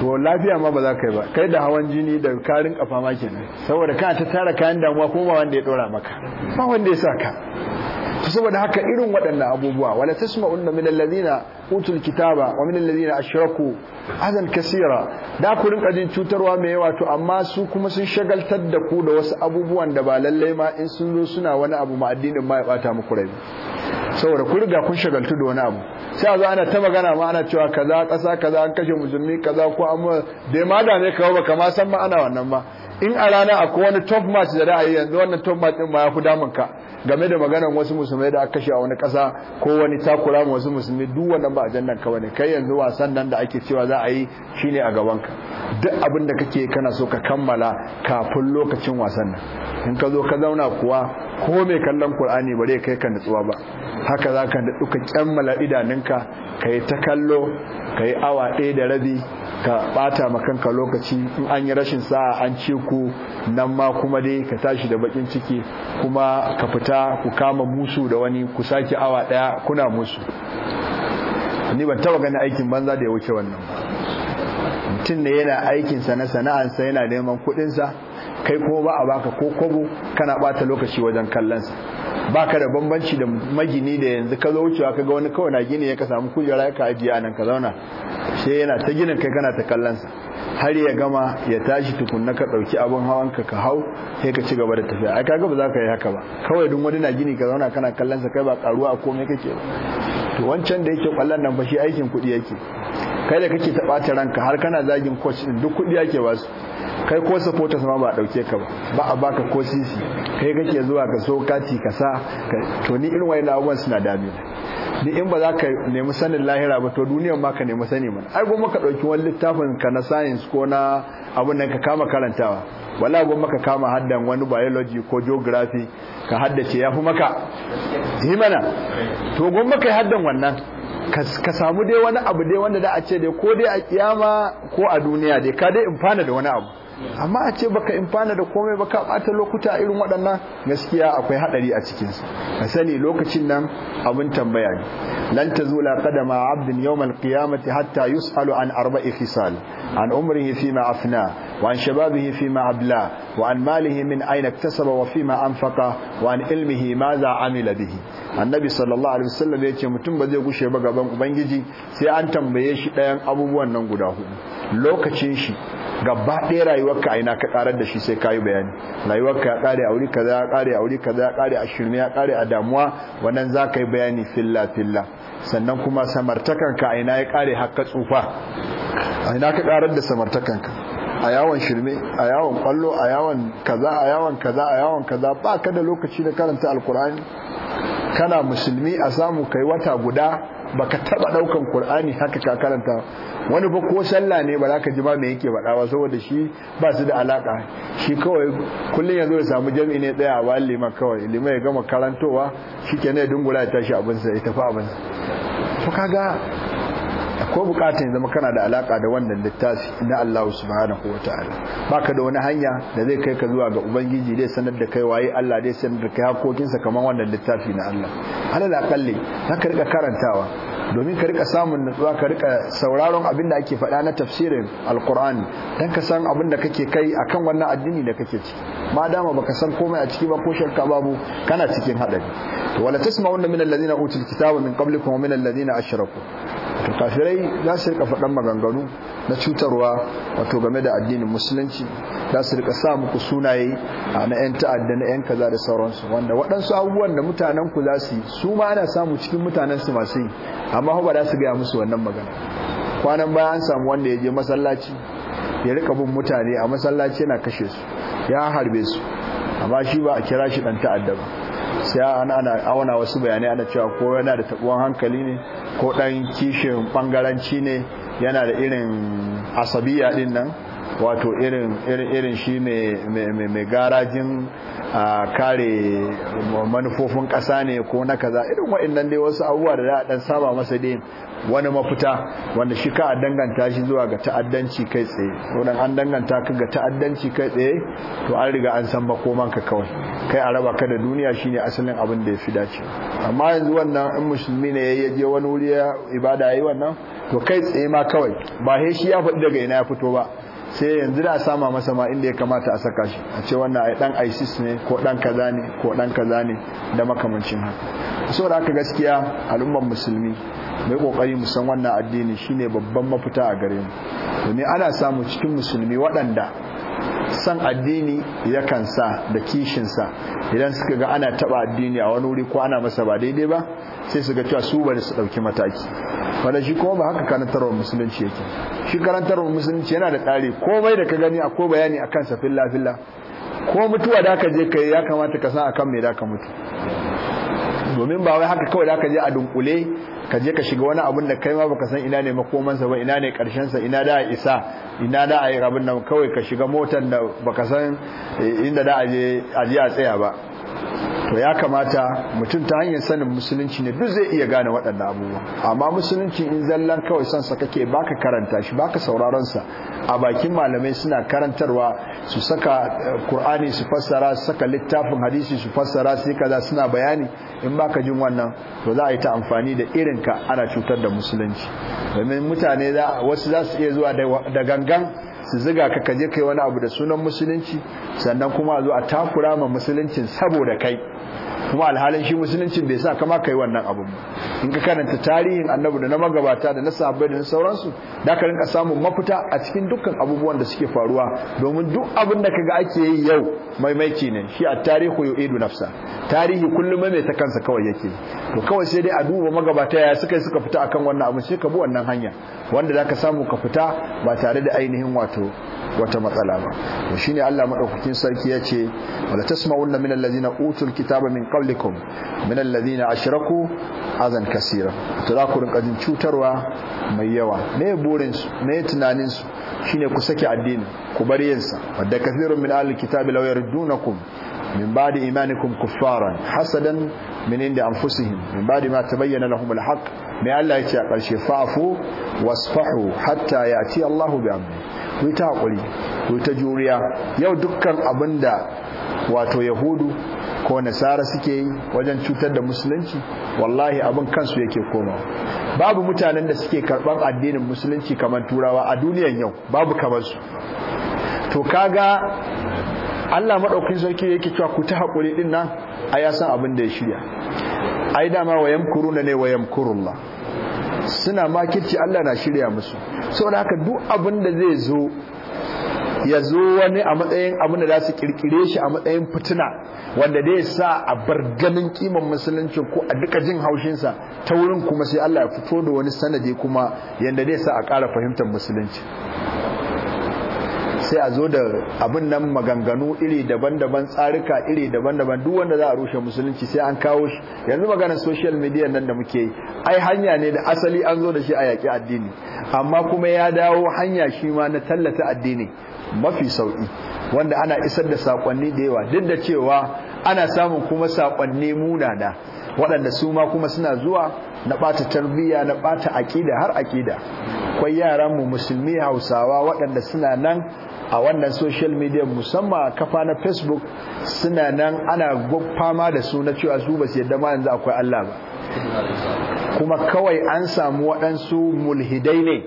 to lafiya ma ba za ka yi ba kai da hawan jini da karin kafa ma kenan saboda kana ta tara kayan damuwa kuma wanda ya dora maka ba wanda ya saka saboda haka irin waɗannan abubuwa wala tasma'un min alladhina utul kitaba wa min alladhina ashraku azan kasira da ku cutarwa mai yawa to amma su kuma sun shagaltar da ku da wasu abubuwan da ba lallai ma in sun zo suna wani abu ma addinin ma ya bata muku rai saboda ku riga kun shagaltu da wani abu sai a zo ana ta magana ma ana cewa kaza kasa kaza an kashe musulmi kaza ko amma da ma da ne kawo baka ma san ma ana wannan ba in a rana akwai wani top match da ra'ayi yanzu wannan top match din ma ya fi damun ka game da maganar wasu musulmai da aka kashe a wani ƙasa ko wani takura ma wasu musulmi duk wannan ba jannan ka bane kai yanzu wasan nan da ake cewa za a yi shine a gaban ka duk abin da kake kana so ka kammala kafin lokacin wasan nan in ka zo ka zauna kuwa ko mai kallon ba bare kai ka nutsuwa ba haka za zaka duka kyammala idanunka yi ta kallo yi awa ɗaya da rabi ka bata makanka lokaci in an yi rashin sa'a an ce ku nan ma kuma dai ka tashi da bakin ciki kuma ka fita ku kama musu da wani ku sake awa ɗaya kuna musu ni ban taba ganin aikin banza da ya wuce wannan ba mutum ne yana aikinsa na sana'ansa yana neman kuɗinsa kai kuma ba a baka ko kobo kana bata lokaci wajen kallon baka da bambanci da magini da yanzu ka zo wucewa ka ga wani kawai na gini ya ka samu kujera ka ajiye a nan ka zauna sai yana ta ginin kai kana ta kallon sa har ya gama ya tashi tukunna ka dauki abin hawan ka ka hau sai ka ci gaba da tafiya ai kaga ba za ka yi haka ba kawai duk wani na gini ka zauna kana kallon kai ba karuwa a komai kake ba to wancan da yake kallon nan ba shi aikin kuɗi yake kai da kake ta bata ranka har kana zagin coach din duk kuɗi yake ba su kai ko supporters ma ba a dauke ka ba ba a baka ko sisi kai kake zuwa ka so kati ka sa to ni irin wayan abubuwan suna dami ni in ba za ka nemi sanin lahira ba to duniyar ma ka nemi sani mana ai goma ka dauki wani littafin ka na science ko na abun nan ka kama karantawa wala goma ka kama haddan wani biology ko geography ka haddace yafi maka yi mana to goma ka haddan wannan ka samu dai wani abu dai wanda da a ce dai ko dai a kiyama ko a duniya dai ka dai in fana da wani abu amma a ce baka imfana da komai baka bata lokuta irin waɗannan gaskiya akwai hadari a cikin su ka sani lokacin nan abin tambaya ne lan tazula qadama abdin yawm alqiyamati hatta yusalu an arba'i khisal an umrihi ma afna wa an shababihi ma abla wa an malihi min ayna iktasaba wa fima anfaqa wa an ilmihi maza amila bihi annabi sallallahu alaihi wasallam yace mutum ba zai gushe ba gaban ubangiji sai an tambaye shi ɗayan abubuwan nan guda hudu lokacin shi gaba ɗaya rayuwarka aina ka ƙarar da shi sai ka yi bayani rayuwarka ya ƙare a wuri kaza ya ƙare a wuri kaza ya ƙare a shirme ya ƙare a damuwa wannan za ka yi bayani filla filla sannan kuma samartakanka aina ya ƙare haka tsufa. tsufa aina ka ƙarar da samartakanka a yawon shirme a yawon ƙwallo a yawon kaza a yawon kaza a yawon kaza ba ka da lokaci da karanta alkur'ani kana musulmi a samu kai wata guda baka taba daukan Kur'ani haka ka karanta wani ba ko sallah ne ba za ka ji ba me yake bada ba saboda shi ba su da alaka shi kawai kullun yanzu ya samu jami'i ne a ba lima kawai lima ya gama karantowa shikenan ya dungula ya tashi abin sa ya tafi abin sa Ko bukatun zama kana da alaka da wannan littafi na Allah subhanahu ta'ala baka da wani hanya da zai kai ka zuwa ga ubangiji dai sanar da kai waye Allah dai sanar da kai hakokinsa kamar wannan littafi na Allah alal aqalli ka rika karantawa domin ka rika samun nutsuwa ka rika sauraron abin da ake faɗa na tafsirin alqur'ani dan ka san abin da kake kai akan wannan addini da kake ciki ma dama baka san komai a ciki ba ko shakka babu kana cikin hadari to wala tasma'unna min alladhina utul kitaba min qablikum wa min alladhina ashraku to kafirai za su rika faɗan maganganu na cutarwa wato game da addinin musulunci za su rika sa muku sunaye a na 'yan ta'adda na 'yan kaza da sauransu wanda waɗansu abubuwan da mutanen ku za su yi su ma ana samu cikin mutanen su masu yi amma ba za su gaya musu wannan magana kwanan baya an samu wanda ya je masallaci ya rika bin mutane a masallaci yana kashe su ya harbe su amma shi ba a kira shi dan ta'adda ba sai ana ana auna wasu bayanai ana cewa ko yana da tabuwan hankali ne ko dan kishin bangaranci ne yana da irin asabiya din nan wato irin irin shi mai garajin kare manufofin ƙasa ne ko na kaza irin waɗannan dai wasu abubuwa da za dan ɗan saba masa dai wani mafita wanda shi ka danganta shi zuwa ga ta'addanci kai tsaye wadda an danganta ka ga ta'addanci kai tsaye to an riga an san ka kawai kai a raba ka da duniya shine asalin abin da ya fi dace amma yanzu wannan in musulmi ne ya je wani wuri ya ibada yayi wannan to kai tsaye ma kawai ba he shi ya faɗi daga ina ya fito ba sai yanzu da a sama masa ma inda ya kamata a saka shi a ce wannan ai dan ISIS ne ko dan kaza ne ko dan kaza ne da makamancin haka da haka gaskiya al'ummar musulmi mai kokari mu san wannan addini shine babban mafita a gare mu domin ana samu cikin musulmi waɗanda san addini yakan sa da kishin sa idan suka ga ana taba addini a wani wuri ko ana masa ba daidai ba sai su ga cewa su bari su dauki mataki wanda shi kuma ba haka wa musulunci yake shi wa musulunci yana da tsari komai da ka gani akwai bayani akan sa filla filla ko mutuwa da ka je kai ya kamata ka san akan mai da ka mutu domin ba wai haka kawai da ka je a dunkule ka je ka shiga wani abin da kai ma baka san ina ne makomansa ba ina ne karshen sa ina da isa ina da ayi abin nan kawai ka shiga motar da baka san eh, inda da aje aje a tsaya ba to ya kamata mutum ta hanyar sanin musulunci ne duk zai iya gane waɗannan abubuwa amma musulunci in zallan kawai son sa kake baka karanta shi baka sauraron sa a bakin malamai suna karantarwa su saka eh, Qur'ani su fassara su saka littafin hadisi su fassara sai kaza suna bayani in baka jin wannan to za a yi ta amfani da irin ka ana cutar da musulunci domin mutane wasu za su iya zuwa da gangan su ziga ka kaje kai wani abu da sunan musulunci sannan kuma a zo a takura ma musuluncin saboda kai kuma alhalin shi musuluncin bai sa kama kai wannan abun ba in ka karanta tarihin annabi da na magabata da na sahabbai da na sauransu da ka rinka samun mafita a cikin dukkan abubuwan da suke faruwa domin duk abin da kaga ake yi yau maimaici ne shi a tarihu idu nafsa tarihi kullum mai ta kansa kawai yake to kawai sai dai a duba magabata ya suka suka fita akan wannan abu sai ka bi wannan hanya wanda zaka samu ka fita ba tare da ainihin wa wato wata matsala ba to shine Allah madaukakin sarki yace wala tasma'unna min allazina utul kitaba min qablikum min allazina ashraku azan kaseera to za ku rinka jin cutarwa mai yawa me burin su me tunanin su shine ku saki addini ku bar yin sa wadda kaseerun min ahli kitabi law yardunakum min ba'di imanikum kuffaran hasadan min inda anfusihim min ba'di ma tabayyana lahum alhaq mai Allah yace a karshe fa'fu wasfahu hatta ya'ti Allahu bi amri ku yi ta haƙuri yi ta juriya yau dukkan abin da wato yahudu ko nasara suke yi wajen cutar da musulunci wallahi abin kansu yake koma babu mutanen da suke karɓar addinin musulunci kamar turawa a duniyan yau babu kamar su to kaga Allah maɗaukin sarki yake cewa ku ta haƙuri ɗin nan a yasan abin da ya shirya ai dama kuru na ne wayan yamkurullah suna makirci Allah na shirya musu saboda haka duk abin da zai zo ya zo wani a matsayin abin da za su kirkire shi a matsayin fitina wanda zai sa a bar ganin kiman musulunci ko a duka jin haushinsa ta wurin kuma sai Allah ya fito da wani sanadi kuma yanda zai sa a ƙara fahimtar musulunci sai a zo da abin nan maganganu iri daban-daban tsarika iri daban-daban duk wanda za a rushe musulunci sai an kawo shi yanzu maganar social media nan da muke yi ai hanya ne da asali an zo da shi a yaƙi addini amma kuma ya dawo hanya shi ma na tallata addini mafi sauƙi wanda ana isar da saƙonni da yawa duk da cewa ana samun kuma saƙonni munana waɗanda su ma kuma suna zuwa na ɓata tarbiyya na ɓata aƙida har aƙida kwai yaran mu musulmi hausawa waɗanda suna nan a wannan social media musamman kafa na facebook suna nan ana fama da su na cewa su ba su yadda ma yanzu akwai Allah ba kuma kawai an samu waɗansu mulhidai ne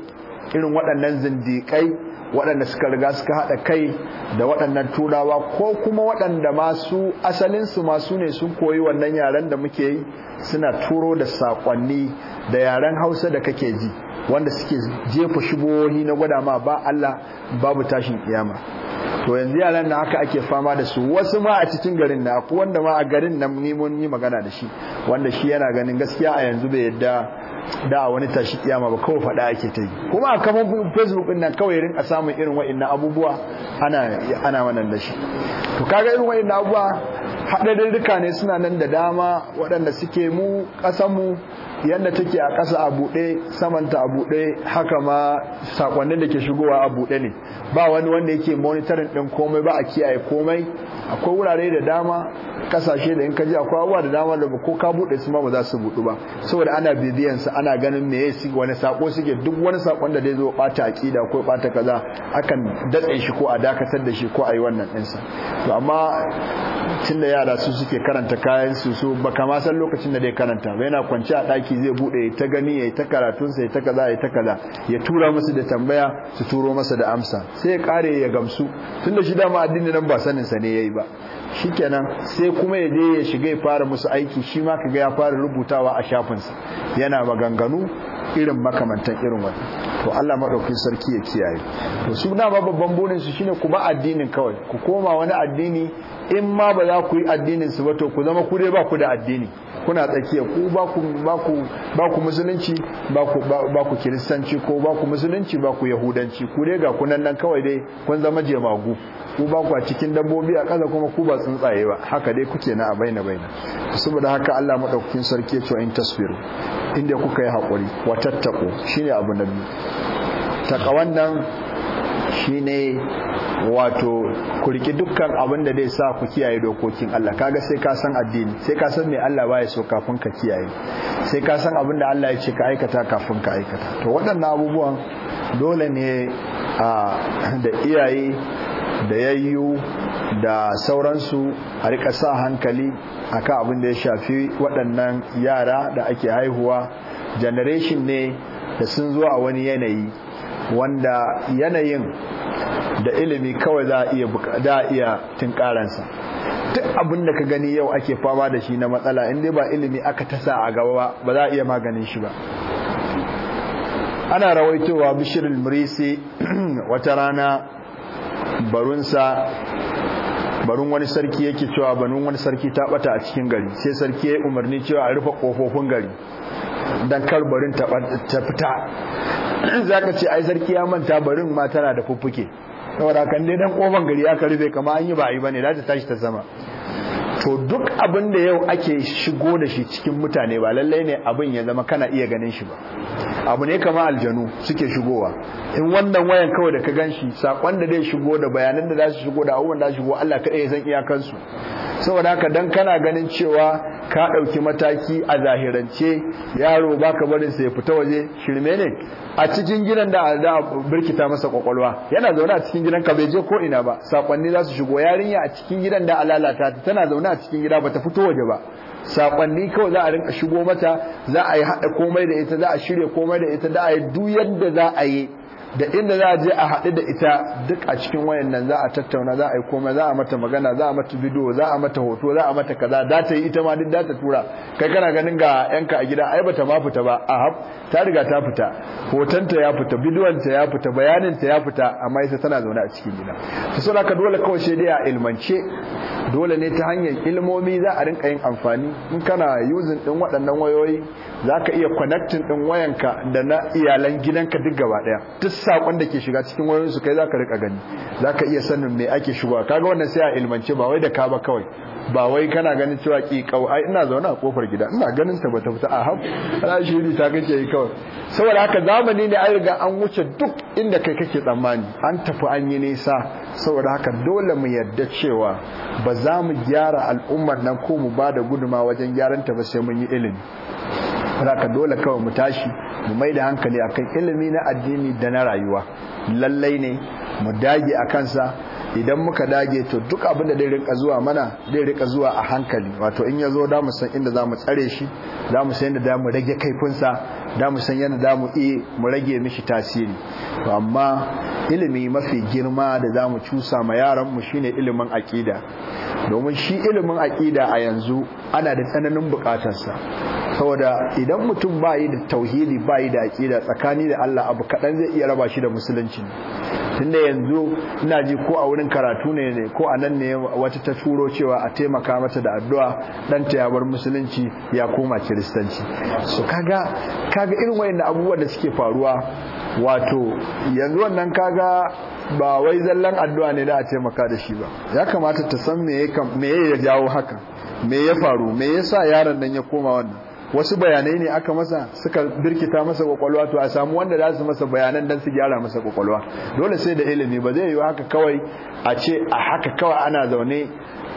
irin waɗannan zindiƙai waɗanda suka riga suka haɗa kai da waɗannan turawa ko kuma waɗanda masu asalinsu masu ne sun koyi wannan yaren da muke yi suna turo da saƙonni da yaren hausa da kake ji wanda suke jefa shigohi na gwada ma ba Allah babu tashin kiyama to yanzu yaran na haka ake fama da su wasu ma a cikin garin na wanda ma a garin nan ni mun yi magana da shi wanda shi yana ganin gaskiya a yanzu bai yadda da wani tashi kiyama ba kawai fada ake ta yi kuma a kafin facebook din nan kawai rinka samu irin wa'annan abubuwa ana ana wannan da shi to kaga irin wa'annan abubuwa duka ne suna nan da dama waɗanda suke mu ƙasanmu yadda take a ƙasa a buɗe samanta a buɗe haka ma sakonnin da ke shigowa a buɗe ne ba wani wanda yake monitoring ɗin komai ba a kiyaye komai akwai wurare da dama ƙasashe da in ka ji akwai abubuwa da dama da ko ka buɗe su ma ba za su buɗu ba saboda ana bibiyan su ana ganin me yake wani sako suke duk wani sakon da zai zo bata aƙida ko bata kaza akan datse shi ko a dakatar da shi ko a yi wannan ɗinsa to amma tunda yara su suke karanta kayan su su ba kama san lokacin da dai karanta ba yana kwance a ɗaki ɗaki zai buɗe ya ta gani ya ta karatun sa ya ta kaza ya ta kaza ya tura musu da tambaya su turo masa da amsa sai ya kare ya gamsu tun da shi dama addini nan ba sanin sa ne yayi ba shikenan sai kuma ya je ya shiga ya fara musu aiki shi ma kaga ya fara rubutawa a shafin sa yana maganganu irin makamantan irin wannan to Allah madaukakin sarki ya kiyaye to su na babban burin su shine kuma addinin kawai ku koma wani addini in ma ba za ku yi addinin su ba ku zama ku dai ba ku da addini kuna tsakiya ku ba ku musulunci ba ku ku kiristanci ko ba ku musulunci ba ku yahudanci ku dai ga kunan nan kawai dai kun zama jemagu ku ba ku a cikin dabbobi a kaza kuma ku ba tsuntsaye ba haka dai kuke na a baina baina saboda haka Allah madaukakin sarki ya ce in tasbiru inda kuka yi hakuri wa tattako shine abu na biyu takawan nan shine wato ku riki dukkan abin da zai sa ku kiyaye dokokin Allah kaga sai ka san addini sai ka san me Allah baya so kafin ka kiyaye sai ka san abin da Allah ya ce ka aikata kafin ka aikata to waɗannan abubuwan dole ne da iyaye da yayyu da sauransu a rika sa hankali akan abin da ya shafi waɗannan yara da ake haihuwa generation ne da sun zuwa wani yanayi wanda yanayin da ilimi kawai za a iya za iya tinkaransa duk abin da ka gani yau ake fama da shi na matsala in ba ilimi aka tasa a gaba ba za a iya maganin shi ba ana rawaitowa bishir al-murisi wata rana barunsa barun wani sarki yake cewa banun wani sarki ta bata a cikin gari sai sarki ya umarni cewa a rufe kofofin gari dan kar barin ta fita za ka ce ai sarki ya manta barin ma tana da fuffuke saboda kan dai dan kofan gari aka rufe kama an yi ba a yi bane ta tashi ta zama. to duk abin da yau ake shigo da shi cikin mutane ba lallai ne abin ya zama kana iya ganin shi ba abu ne kama aljanu suke shigowa in wannan wayan kawai da ka gan shi sakon da zai shigo da bayanan da za su shigo da abubuwan da shigo Allah kaɗai ya san iyakansu saboda haka dan kana ganin cewa ka ɗauki mataki a zahirance yaro baka barin sa ya fita waje shirme ne a cikin gidan da da birkita masa kwakwalwa yana zaune a cikin gidan ka bai je ko ina ba sakonni za su shigo yarinya a cikin gidan da alalata ta tana zaune a cikin gida bata fito waje ba sakonni kawai za a rinka shigo mata za a yi haɗa komai da ita za a shirya komai da ita za a yi duk yadda za a yi da inda za a je a haɗu da ita duk a cikin wayan nan za a tattauna za a yi komai za a mata magana za a mata bidiyo za a mata hoto za a mata kaza za ta yi ita ma duk za ta tura kai kana ganin ga yanka a gida ai bata ma fita ba a hab ta riga ta fita ta ya fita bidiyonta ya fita bayaninta ya fita amma ita tana zaune a cikin gida to sai ka dole kawai sai dai a ilmance dole ne ta hanyar ilmomi za a rinka yin amfani in kana using din waɗannan wayoyi za ka iya connectin ɗin wayanka da na iyalan gidanka duk gaba ɗaya duk saƙon da ke shiga cikin wayoyinsu kai za ka riƙa gani za ka iya sanin me ake shigowa kaga wannan sai a ilmance ba wai da ka ba kawai ba wai kana ganin cewa ki kau ai ina zaune a kofar gida ina ganin ta bata fita a hab ana shiri ta kake yi kawai saboda haka zamani ne an riga an wuce duk inda kai kake tsammani an tafi an yi nisa saboda haka dole mu yarda cewa ba za mu gyara al'ummar nan ko mu ba da guduma wajen gyaran ta ba sai mun yi ilimi haka dole kawai mu tashi mu maida hankali akan ilimi na addini da na rayuwa lallai ne mu dage a kansa idan muka dage to duk abin da zai rinka zuwa mana zai rinka zuwa a hankali wato in yazo da mu san inda za mu tsare shi za mu san inda da mu rage kaifinsa da mu san yadda da mu yi mu rage mishi tasiri to amma ilimi mafi girma da za mu cusa ma yaran mu shine ilimin aqida domin shi ilimin aqida a yanzu ana da tsananin bukatarsa saboda idan mutum ba yi da tauhidi ba yi da aƙida tsakani da Allah abu kaɗan zai iya raba shi da musulunci tunda yanzu ina ji ko a wurin karatu ne ne ko a nan ne wata ta turo cewa a taimaka mata da addu'a danta ya bar musulunci ya koma kiristanci so kaga kaga irin wayannan abubuwan da suke faruwa wato yanzu wannan kaga ba wai zallan addu'a ne da a taimaka da shi ba ya kamata ta san me ya jawo haka me ya faru me yasa yaron nan ya koma wannan wasu bayanai ne aka masa suka birkita masa kwakwalwa to a samu wanda za su masa bayanan dan su gyara masa kwakwalwa dole sai da ilimi ba zai yi haka kawai a ce a haka kawai ana zaune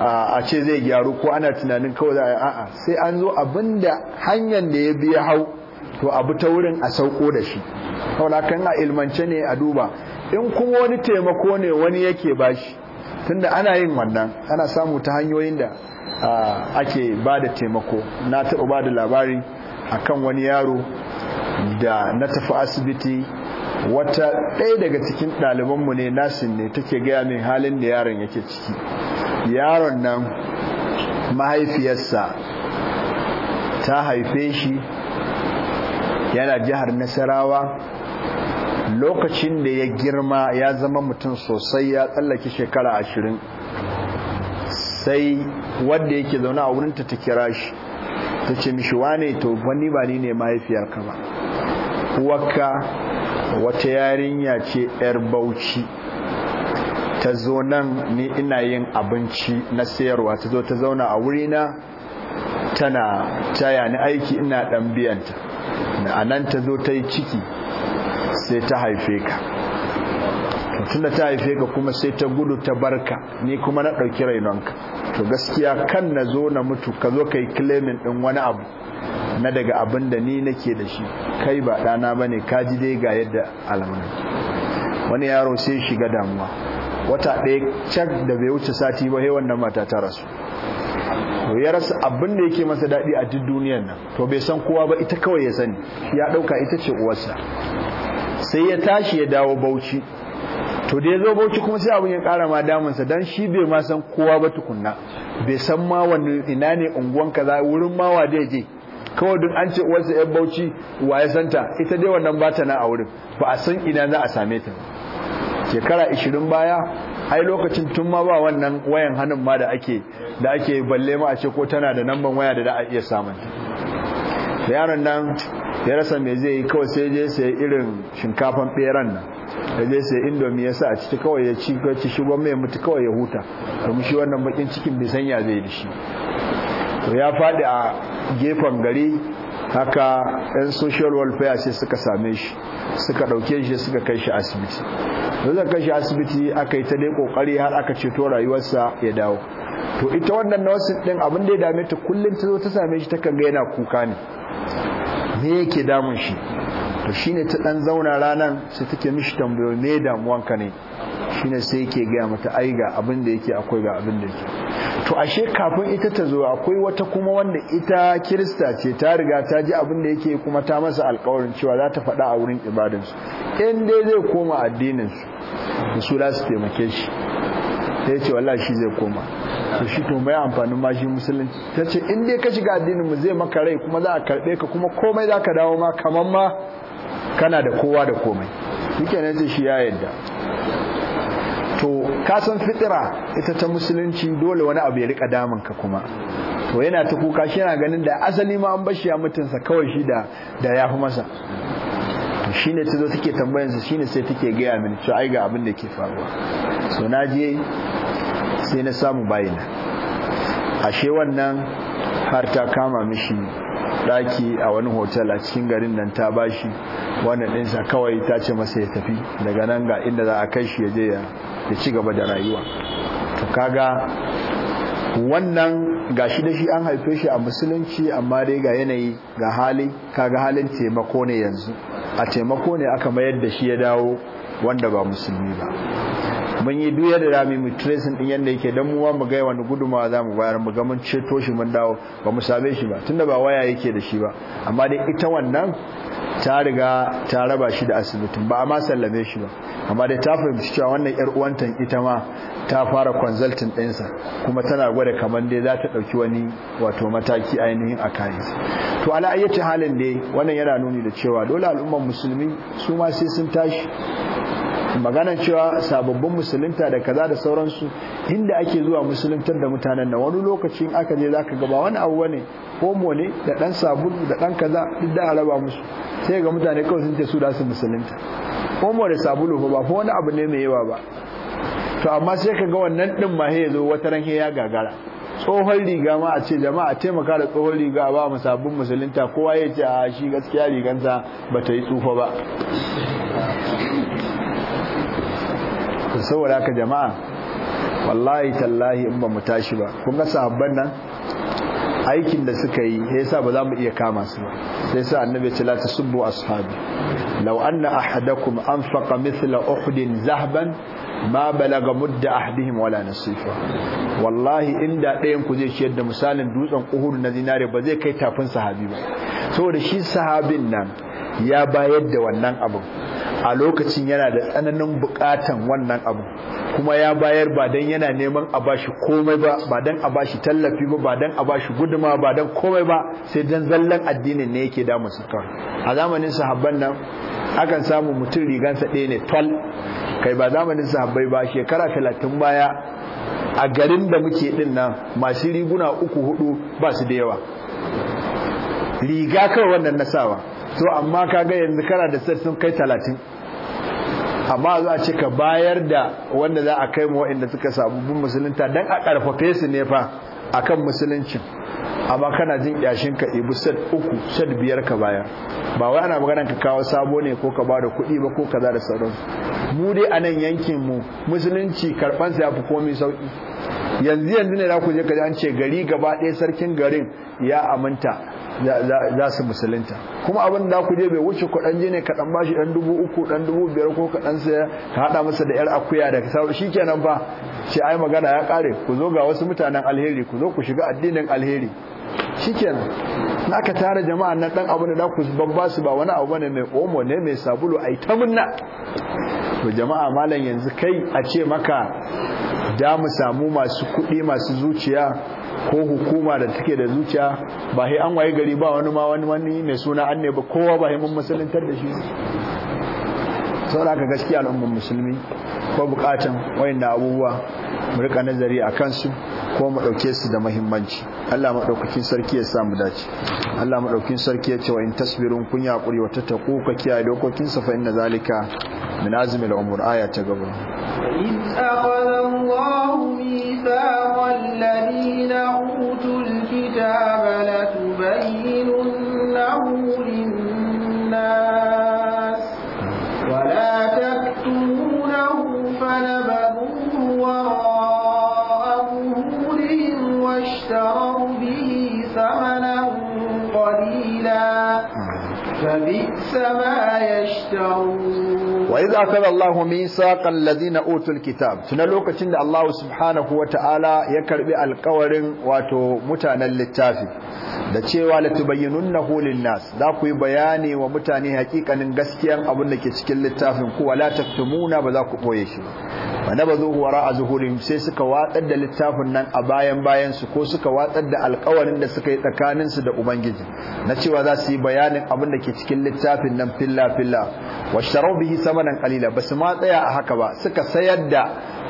a ce zai gyaru ko ana tunanin kawai za a a'a sai an zo abin da hanyar da ya biya hau to abu ta wurin a sauko da shi saboda kan a ilmance ne a duba in kuma wani taimako ne wani yake bashi tunda ana yin wannan ana samu ta hanyoyin da ake ba da taimako na taɓa ba da labari akan wani yaro da na tafi asibiti wata ɗaya daga cikin ɗalibanmu ne nasin ne take gaya min halin da yaron yake ciki yaron nan mahaifiyarsa ta haife shi yana jihar nasarawa lokacin da ya girma ya zama mutum sosai ya tsallake shekara ashirin sai wanda yake zauna a wurinta ta kira shi ta ce mishi wane to wani ba ni ne mahaifiyarka ba Waka wata yarinya ce yar bauchi ta zo nan ni ina yin abinci na sayarwa ta zo ta zauna a wurina tana taya ni aiki ina dan biyanta da anan ta zo ta yi ciki sai ta haife ka tunda ta haife ka kuma sai ta gudu ta barka ni kuma na ɗauki rainonka to gaskiya kan na zo na mutu ka zo ka yi claiming ɗin wani abu na daga abin da ni nake da shi kai ba ɗana ba ka ji dai ga yadda al'amari wani yaro sai shiga damuwa wata ɗaya cak da bai wuce sati ba sai wannan mata ta rasu to ya rasa abin da yake masa daɗi a duk duniyar nan to bai san kowa ba ita kawai ya sani ya ɗauka ita ce uwarsa sai ya tashi ya dawo bauchi to da ya zo bauchi kuma sai abin ya kara ma damunsa dan shi bai ma san kowa ba tukunna bai san ma wani ina ne unguwan kaza wurin ma wa dai je kawai duk an ce uwarsa yan bauchi wa ya santa ita dai wannan bata na a wurin ba a san ina za a same ta shekara 20 baya ai lokacin tun ma ba wannan wayan hannun ma da ake da ake balle ma a ce ko tana da namban waya da za a iya samun ta yaron nan ya rasa mai zai yi kawai sai je sai irin shinkafan beran nan da zai sai indomi ya sa a ciki kawai ya ci ci shugon mai mutu kawai ya huta domin shi wannan bakin cikin bai sanya zai da shi to ya faɗi a gefen gari haka yan social welfare sai suka same shi suka ɗauke shi suka kai shi asibiti da kai shi asibiti aka yi ta dai ƙoƙari har aka ceto rayuwarsa ya dawo to ita wannan nawasin ɗin abin da ya dame ta kullum ta zo ta same shi ta kanga yana kuka ne me yake damun shi to shine ta dan zauna ranan sai take mishi tambayo me damuwanka ne shine sai yake gaya mata ai ga abin da yake akwai ga abin da yake to ashe kafin ita ta zo akwai wata kuma wanda ita kirista ce ta riga ta ji abin da yake kuma ta masa alƙawarin cewa za ta faɗa a wurin ibadansu in dai zai koma addinin da su za su taimake shi ta ce wallahi shi zai koma su shi to mai amfanin ma shi musulunci ta ce in dai ka shiga addinin mu zai maka rai kuma za a karɓe ka kuma komai za ka dawo ma kamar ma kana da kowa da komai duke na ce shi ya yadda to kasan fitira ita ta musulunci dole wani abu ya rika damun ka kuma to yana ta kuka shi yana ganin da asali ma an bashi ya mutunsa kawai shi da da ya fi masa shi ne ta zo take tambayansa ne sai take gaya mini to ai ga abin da ke faruwa so na je sai na samu bayina ashe wannan har ta kama mishi daki a wani hotel a cikin garin nan ta bashi wannan dinsa kawai ta ce masa ya tafi daga nan ga inda za a kai shi ya je ya ci gaba da rayuwa to kaga wannan gashi da shi an haife shi a musulunci amma dai ga yanayi ga hali kaga halin taimako ne yanzu a taimako ne aka mayar da shi ya dawo wanda ba musulmi ba mun yi duk da zamu mu tracing din yanda yake dan mu mu ga wani gudumawa mu bayar mu ga mun ceto shi mun dawo ba mu same shi ba tunda ba waya yake da shi ba amma dai ita wannan ta riga ta raba shi da asibitin ba a ma sallame shi ba amma dai ta fahimci cewa wannan yar uwantan ita ma ta fara consulting ɗinsa kuma tana gwada kamar dai za ta ɗauki wani wato mataki ainihin a kai to ala ayyati halin dai wannan yana nuni da cewa dole al'umman musulmi su ma sai sun tashi maganan cewa sababbin musulunta da kaza da sauransu inda ake zuwa musuluntar da mutanen nan wani lokacin aka je zaka ga ba wani abu bane homo ne da dan sabulu da dan kaza duk da araba musu sai ga mutane kawai sun ce su da su musulunta homo da sabulu ba wani abu ne mai yawa ba to amma sai ka ga wannan din ma ya zo wata ran ya gagara tsohon riga ma a ce jama'a taimaka da tsohon riga ba mu sabbin musulunta kowa ya ce a shi gaskiya rigansa ba ta yi tsufa ba to saboda haka jama'a wallahi tallahi in ba mu tashi ba kun ga sahabban nan aikin da suka yi yasa ba za mu iya kama su ba sai sa annabi ya ce la tasubbu ashabi law anna ahadakum anfaqa mithla uhdin zahban ma balaga mudda ahdihim wala nasifa wallahi inda ɗayan ku zai ciyar da misalin dutsen uhud na zinare ba zai kai tafin sahabi ba saboda shi sahabin nan ya bayar da wannan abin a lokacin yana da tsananin bukatan wannan abu kuma ya bayar ba dan yana neman a bashi komai ba ba dan a bashi tallafi ba ba dan a bashi guduma ba dan komai ba sai don zallan addinin ne yake damu su kawai a zamanin sahabban nan akan samu mutum rigansa ɗaya ne tol kai ba zamanin sahabbai ba shekara talatin baya a garin da muke ɗin nan masu riguna uku hudu ba su da yawa riga kawai wannan nasawa to amma kaga yanzu kana da set sun kai talatin amma za a ce ka bayar da wanda za a kai mu waɗanda suka samu bin musulunta don a karfafe su ne fa a kan musuluncin amma kana jin ƙyashin ka ibu set uku set biyar ka baya ba wai ana maganar ka kawo sabo ne ko ka ba da kuɗi ba ko ka za da sauran mu dai a nan yankin mu musulunci karɓansa ya fi komai sauƙi yanzu yanzu ne za ku je ka an ce gari gaba ɗaya sarkin garin ya aminta za su musulunta kuma abin da ku je bai wuce ku jini kadan bashi dan dubu uku dan dubu biyar ko ka saya ka hada masa da yar akuya da shi kenan fa ce ai magana ya kare ku zo ga wasu mutanen alheri ku zo ku shiga addinin alheri na ka tara jama'a nan dan abin da ku babba su ba wani abu bane mai omo ne mai sabulu ai ta munna to jama'a malam yanzu kai a ce maka da mu samu masu kuɗi masu zuciya ko hukuma da take da zuciya ba sai an waye gari ba wani ma wani wani mai suna an ba kowa ba sai mun musulunta da shi saboda gaskiya al'ummar musulmi ko bukatan da abubuwa mu rika nazari a kansu ko mu dauke su da muhimmanci Allah madaukakin sarki ya sa dace Allah madaukakin sarki ya ce wa in tasbirun kun yaquri wa tattaqu ka kiyaye dokokin sa fa inna zalika من أزم العمر آية تقبل إذ أخذ الله ميثاق الذين أوتوا الكتاب لتبيننه للناس ولا تكتمونه فنبذوه وراء ظهورهم واشتروا به ثمنا قليلا آه. فبئس ما يشترون wa iz akhadha Allahu mithaqal ladina utul kitab tuna lokacin da Allah subhanahu wataala ya karbi alƙawarin wato mutanen littafi da cewa latubayyinunnahu lin-nas da ku yi bayani wa mutane hakikanin gaskiyan abin da ke cikin littafin ku wala taftumuna ba za ku boye shi fanabazuhu wara azhurihim sai suka watsar da littafin nan a bayan bayan su ko suka watsar da alƙawarin da suka yi tsakanin su da ubangiji na cewa za su yi bayanin abin da ke cikin littafin nan filla filla wa sharu bihi samanan qalila basu ma tsaya a haka ba suka sayar da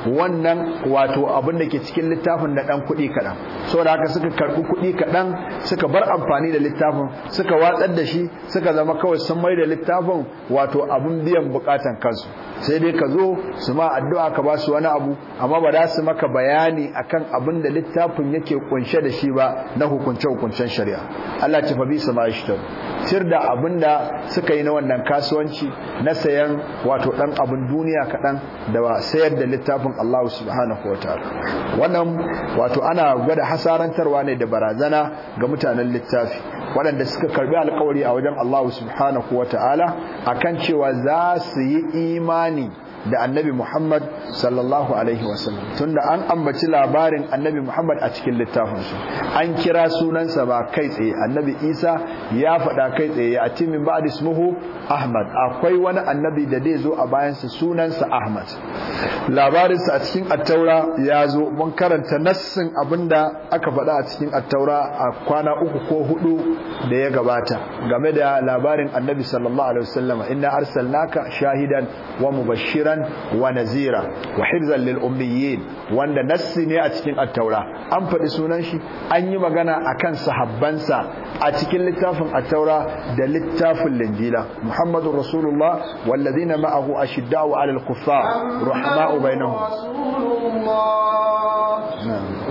wannan wato abin da ke cikin littafin na ɗan kuɗi kaɗan saboda haka suka karɓi kuɗi kaɗan suka bar amfani da littafin suka watsar da shi suka zama kawai sun mai da littafin wato abin biyan bukatan kansu sai dai ka zo su ma addu'a ka ba su wani abu amma ba za su maka bayani akan abin da littafin yake kunshe da shi ba na hukunce hukuncen shari'a Allah ce fa bi shi ta sir da abin da suka yi na wannan kasuwanci na sayan wato dan abin duniya kaɗan da sayar da littafin Allah subhanahu wa ta'ala wannan wato ana gwada hasarantarwa ne da barazana ga mutanen littafi waɗanda suka karbi alƙawari a wajen Allah subhanahu wa ta'ala akan cewa za su yi imani da annabi Muhammad sallallahu alaihi wasallam tunda an ambaci labarin annabi Muhammad a cikin littafin su an kira sunansa ba kai tsaye annabi Isa ya faɗa kai tsaye a timin ba'd ismuhu Ahmad akwai wani annabi da zai zo a bayansa sunansa Ahmad labarinsa a cikin attaura ya zo mun karanta nassin abinda aka faɗa a cikin attaura a kwana uku ko hudu da ya gabata game da labarin annabi sallallahu alaihi wasallam inna arsalnaka shahidan wa mubashiran bashiran wa nazira wa hirzan lil ummiyin wanda nassi ne a cikin at-taura an faɗi sunan shi an yi magana akan sahabbansa a cikin littafin at-taura da littafin linjila muhammadur rasulullah walladhina ma'ahu ashidda'u 'alal kuffar rahma'u bainahum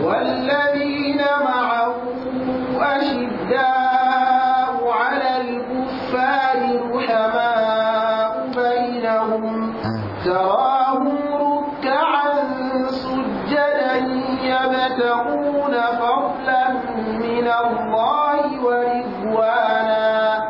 والذين تراهم ركعا سجدا يبتغون فضلا من الله ورضوانا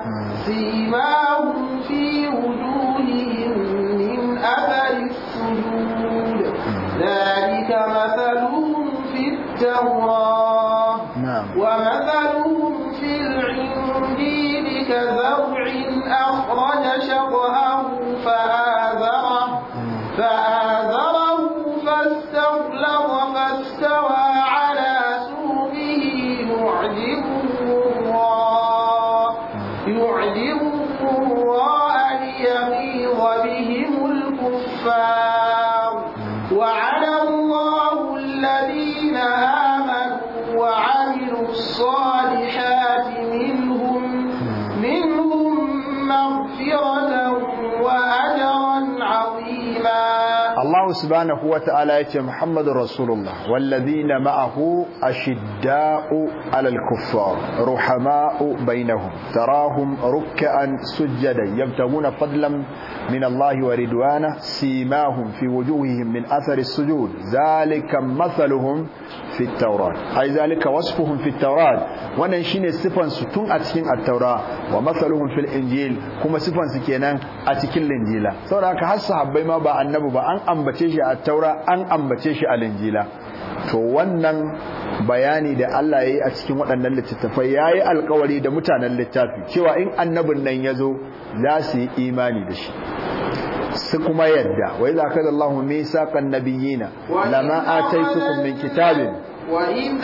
سيماهم في وجوههم من أثر السجود ذلك مثلهم في التوراة نعم. ومثلهم في العندين كزرع أخرج شطأه فأخرج subhanahu wata'ala yace Muhammadur Rasulullah wallazina ma'ahu ashidda'u 'alal kuffar ruhama'u bainahum tarahum ruk'an sujadan yabtaguna fadlan min Allah wa ridwana simahum fi wujuhihim min athari sujud zalika mathaluhum fi at-taurat ay zalika wasfuhum fi at-taurat wannan shine sifan su tun a cikin at-taura wa mathaluhum fil injil kuma sifan su kenan a cikin linjila saboda haka har sahabbai ma ba annabi ba an ambace shi a taura an ambace shi a linjila to wannan bayani da Allah ya yi a cikin waɗannan littattafai ya yi alkawari da mutanen littafi cewa in annabin nan ya zo za su yi imani da shi su kuma yadda wai za ka zalla Allah mai saƙon na? lama a taifukun min kitabin وإذ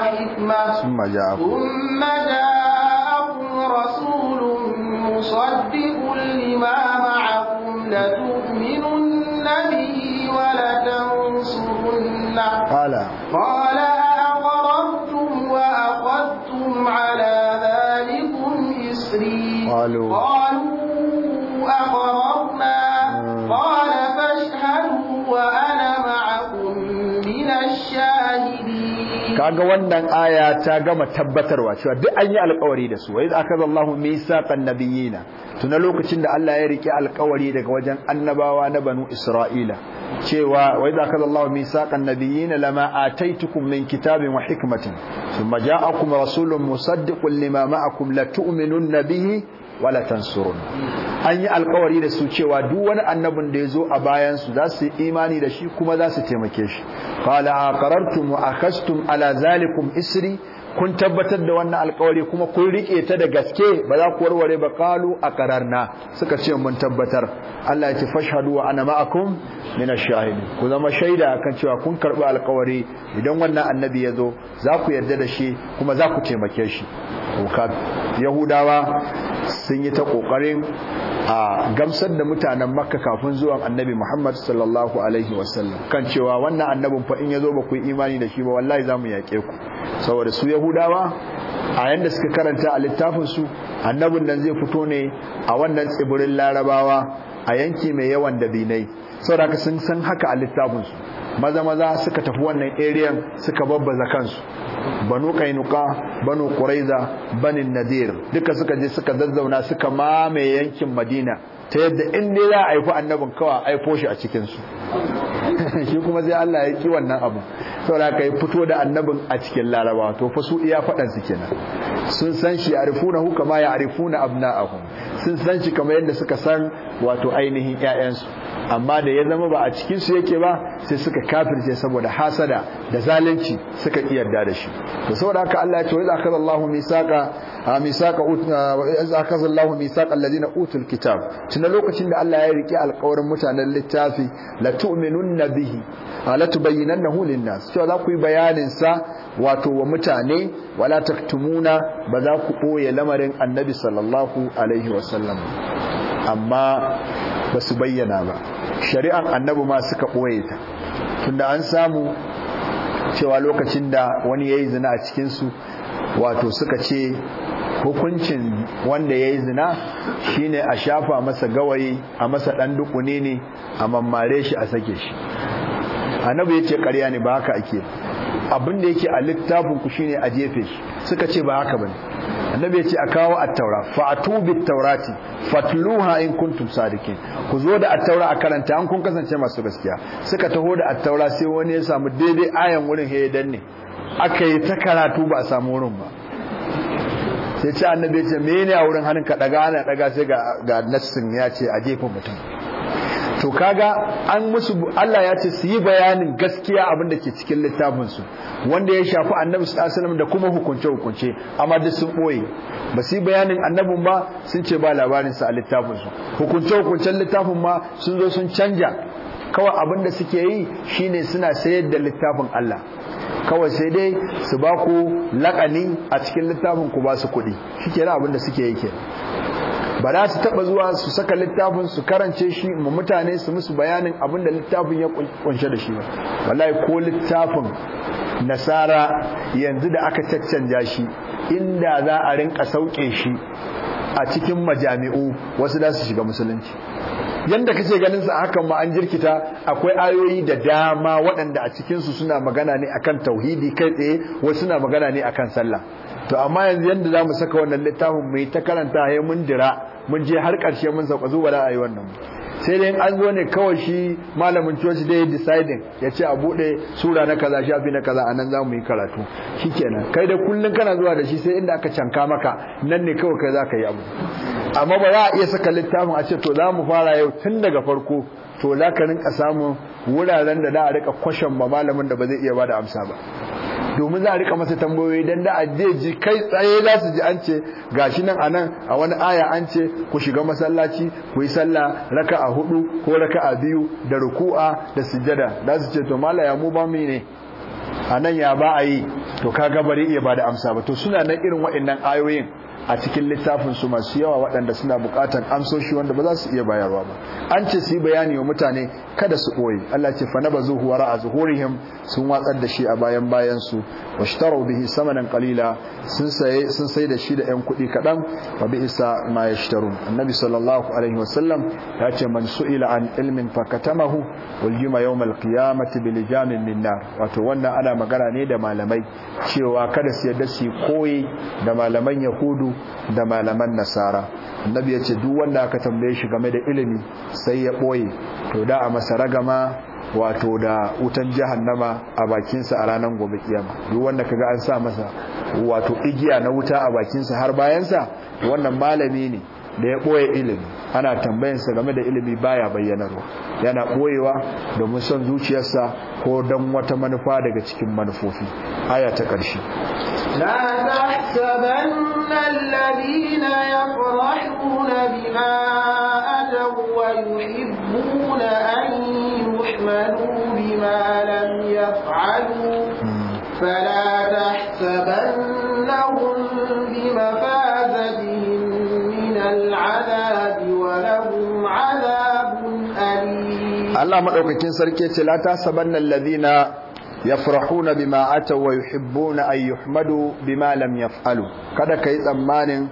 وحكمة ثم جاءكم ثم رسول مصدق لما معكم لتؤمنن به ولتنصرنه قال قال أقررتم وأخذتم على ذلكم إسري قالوا قالوا أقررنا آه. قال kaga wannan aya ta gama tabbatarwa cewa duk an yi alƙawari da su wai akazallahu misaqan nabiyina tuna lokacin da Allah ya rike alƙawari daga wajen annabawa na banu Isra'ila cewa wai akazallahu misaqan nabiyina lama ataitukum min kitabin wa hikmatin thumma ja'akum rasulun musaddiqun lima ma'akum la tu'minun bihi wala tansurun an yi alkawari da su cewa duk wani annabin da ya zo a bayan su za su yi imani da shi kuma za su taimake shi qala aqarartum wa akhastum ala zalikum isri kun tabbatar da wannan alkawari kuma kun rike ta da gaske ba za ku warware ba qalu aqrarna suka ce mun tabbatar Allah ya ce fashhadu wa ana ma'akum min ash-shahidi ku zama shaida akan cewa kun karbi alkawari idan wannan annabi ya zo za ku yarda da shi kuma za ku taimake shi yahudawa sun yi ta kokarin a gamsar da mutanen makka kafin zuwan annabi muhammad sallallahu alaihi wasallam kan cewa wannan annabin fa in ya zo ba ku imani da shi ba wallahi za mu yaƙe ku saboda su yahudawa a yanda suka karanta a littafin su annabin nan zai fito ne a wannan tsibirin larabawa a yanki mai yawan da saboda sun san haka a littafin su. maza maza suka tafi wannan area suka babbaza kansu banu kainuka banu quraiza banin nadir duka suka je suka zazzauna suka mamaye yankin madina ta yadda in dai za a annabin kawa aiko shi a cikin su shi kuma sai Allah ya ki wannan abu saboda kai fito da annabin a cikin larabawa to fa su iya faɗan su kenan sun san shi hu kama ya'rifuna abna'ahum sun san shi kamar yadda suka san wato ainihin ƴaƴansu amma da ya zama ba a cikin su yake ba sai suka kafirce saboda hasada da zalunci suka kiyarda da shi to saboda haka Allah ya ce wa akhadha Allahu misaqa misaqa akhadha Allahu misaqa alladina utul kitab tunda lokacin da Allah ya rike alƙawarin mutanen littafi la tu'minunna bihi la tubayyinannahu lin-nas to za ku yi bayanin sa wato wa mutane wala taktumuna ba za ku boye lamarin Annabi sallallahu alaihi wasallam amma ba su bayyana ba shari'an annabi ma suka ɓoye ta tunda an samu cewa lokacin da wani ya yi zina a cikinsu wato suka ce hukuncin wanda ya yi zina shine a shafa masa gawayi a masa ɗan dukune ne a mammare shi a sake shi annabi ya ce ƙarya ne ba haka ake abin da yake a littafin ku shine a jefe shi suka ce ba haka bane annabi ce a kawo attaura taura fa'atu bit-taurati fatluha in kuntum sadikin ku zo da attaura a karanta an kun kasance masu gaskiya suka taho da attaura sai wani ya samu daidai ayan wurin he danne aka yi ta karatu ba a samu wurin ba sai ce annabi ce menene a wurin hannun ka daga ana daga sai ga ga nassin ya ce a jefin mutum to kaga an musu Allah ya ce su yi bayanin gaskiya abin da ke cikin littafin su wanda ya shafi annabi sallallahu alaihi da kuma hukunce hukunce amma duk sun boye ba su yi bayanin annabin ba sun ce ba labarin sa a littafin su hukunce hukuncen littafin ma sun zo sun canja kawai abin da suke yi shine suna sayar da littafin Allah kawai sai dai su ba ku laƙani a cikin littafin ku ba su kuɗi shikenan abin da suke yi kenan ba za su taba zuwa su saka littafin su karance shi mu mutane su musu bayanin abin da littafin ya kunshe da shi ba wallahi ko littafin nasara yanzu da aka caccanja shi inda za a rinka sauke shi a cikin majami'u wasu za su shiga musulunci yanda kace ganin su hakan ma an jirkita akwai ayoyi da dama waɗanda a cikinsu suna magana ne akan tauhidi kai tsaye wasu suna magana ne akan sallah to amma yanzu yanda mu saka wannan littafin mai ta karanta ya mun dira mun je har karshe mun sauka zuwa da ayi wannan sai dai an zo ne kawai shi malamin coci dai deciding ya ce a buɗe sura na kaza shafi na kaza anan za mu yi karatu shikenan kai da kullun kana zuwa da shi sai inda aka canka maka nan ne kawai kai za ka yi abu amma ba za a iya saka littafin a ce to za mu fara yau tun daga farko to za ka rinka samun wuraren da za a rika kwashen ba malamin da ba zai iya ba da amsa ba domin za a rika masa tambayoyi dan da aje ji kai tsaye za su ji an ce gashi nan a nan a wani aya an ce ku shiga masallaci ku yi sallah a hudu ko raka a biyu da ruku'a da sujjada za su ce to malaya mu ba mu ne anan ya ba a yi to kaga bari iya ba da amsa ba to suna nan irin waɗannan ayoyin a cikin littafin su masu yawa waɗanda suna buƙatan amsoshi wanda ba za su iya bayarwa ba an ce su yi bayani wa mutane kada su ɓoye Allah ce fa zuhu a ra'a zuhurihim sun watsar da shi a bayan bayan su washtaru bihi samanan qalila sun saye sun sai da shi da ƴan kuɗi kaɗan wa bi isa ma yashtarun annabi sallallahu alaihi wasallam ya ce man su'ila an ilmin fa katamahu wal yuma yawmal qiyamati bi lijamin min nar wato wannan ana magana ne da malamai cewa kada su yadda su koyi da malaman yahudu da malaman nasara annabi ya ce duk wanda aka tambaye shi game da ilimi sai ya ɓoye to da a masa ragama wato da wutan jahannama a bakin sa a ranar gobe kiyama duk wanda kaga an sa masa wato igiya na wuta a bakin sa har bayan bayansa wannan malami ne da ya ɓoye ilimi ana tambayinsa game da ilimi baya bayyanarwa yana ɓoyewa domin son zuciyarsa ko don wata manufa daga cikin manufofi aya ta ƙarshe لا تحسبن الذين فلا تحسبنهم بمفازة العذاب ولهم sarki أليم الله مدوكين سركي ce la tasabanna alladhina yafrahuna bima ataw wa yuhibbuna an yuhmadu bima lam yaf'alu kada yi tsammanin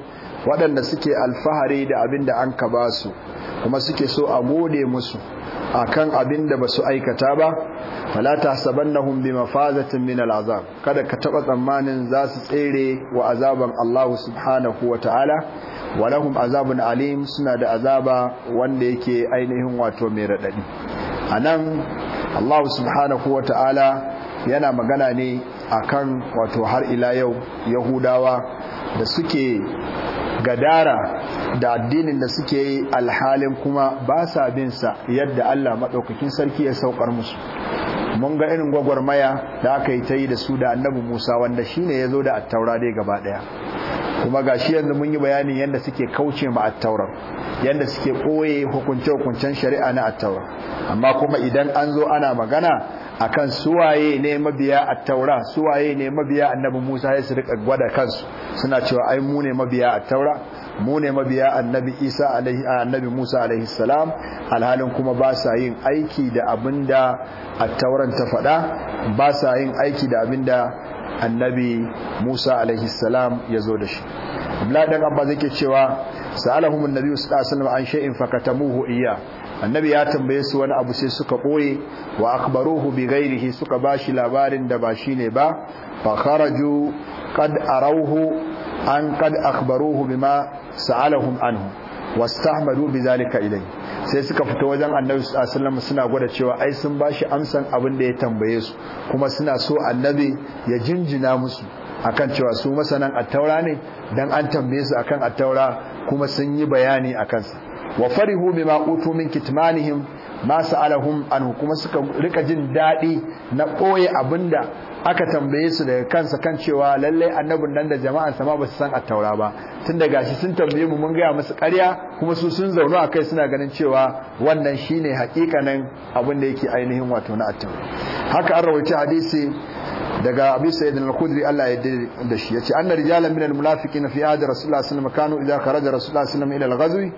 waɗanda suke alfahari da abin da an ka basu kuma suke so a gode musu kan abin da basu aikata ba fala tahsabannahum bimafazatin min al'azab kada ka taba tsammanin za su tsere wa azaban Allah subhanahu wataala walahum azabun alim suna da azaba wanda yake ainihin wato mai radadi anan Allah subhanahu wataala yana magana ne akan wato har ila yau yahudawa da suke gadara da addinin da suke yi alhalin kuma ba sa bin sa yadda Allah madaukakin sarki ya saukar musu mun ga irin gwagwarmaya da aka yi ta yi da su da annabi Musa wanda shine ya zo da attaura dai gaba daya kuma ga shi yanzu mun yi bayanin yadda suke kauce ma attaurar yadda suke koye hukunce hukuncen shari'a na attaurar amma kuma idan an zo ana magana akan suwaye ne mabiya attaura suwaye ne mabiya annabi Musa ya su gwada kansu suna cewa ai mu ne mabiya attaura mu ne mabiya annabi isa alaihi annabi musa alaihi salam alhalin kuma ba sa yin aiki da abinda attauran ta faɗa ba sa yin aiki da abinda annabi musa alaihi salam ya zo da shi abdullahi dan abba zai ke cewa sa'alahumun nabi su alaihi wasallam an shay'in fakatamuhu iya annabi ya tambaye su wani abu sai suka boye wa akbaruhu bi ghairihi suka ba shi labarin da ba shi ne ba fa kharaju qad arauhu an qad akhbaruhu bima sa'alahum anhu wastahmadu bizalika ilayhi sai suka fito wajen annabi sallallahu suna gwada cewa ai sun bashi amsan abin da ya tambaye su kuma suna so annabi ya jinjina musu akan cewa su masanan attaura ne dan an tambaye su akan attaura kuma sun yi bayani akan sa wa farihu bima utu min kitmanihim ma sa'alahum anhu kuma suka rika jin dadi na koye abinda aka tambaye su daga kansa kan cewa lallai annabin nan da jama'an sama ba su san attaura ba tun da gashi sun tambaye mu mun gaya musu ƙarya kuma su sun zauna a kai suna ganin cewa wannan shine hakikanin abin da yake ainihin wato na attaura haka an rawaita hadisi daga abu sayyid al qudri Allah ya da shi yace anna rijalan min al-munafiqina fi ahdi Rasulullah sallallahu alaihi wasallam kanu idza kharaja Rasulullah sallallahu alaihi wasallam ila al-ghazwi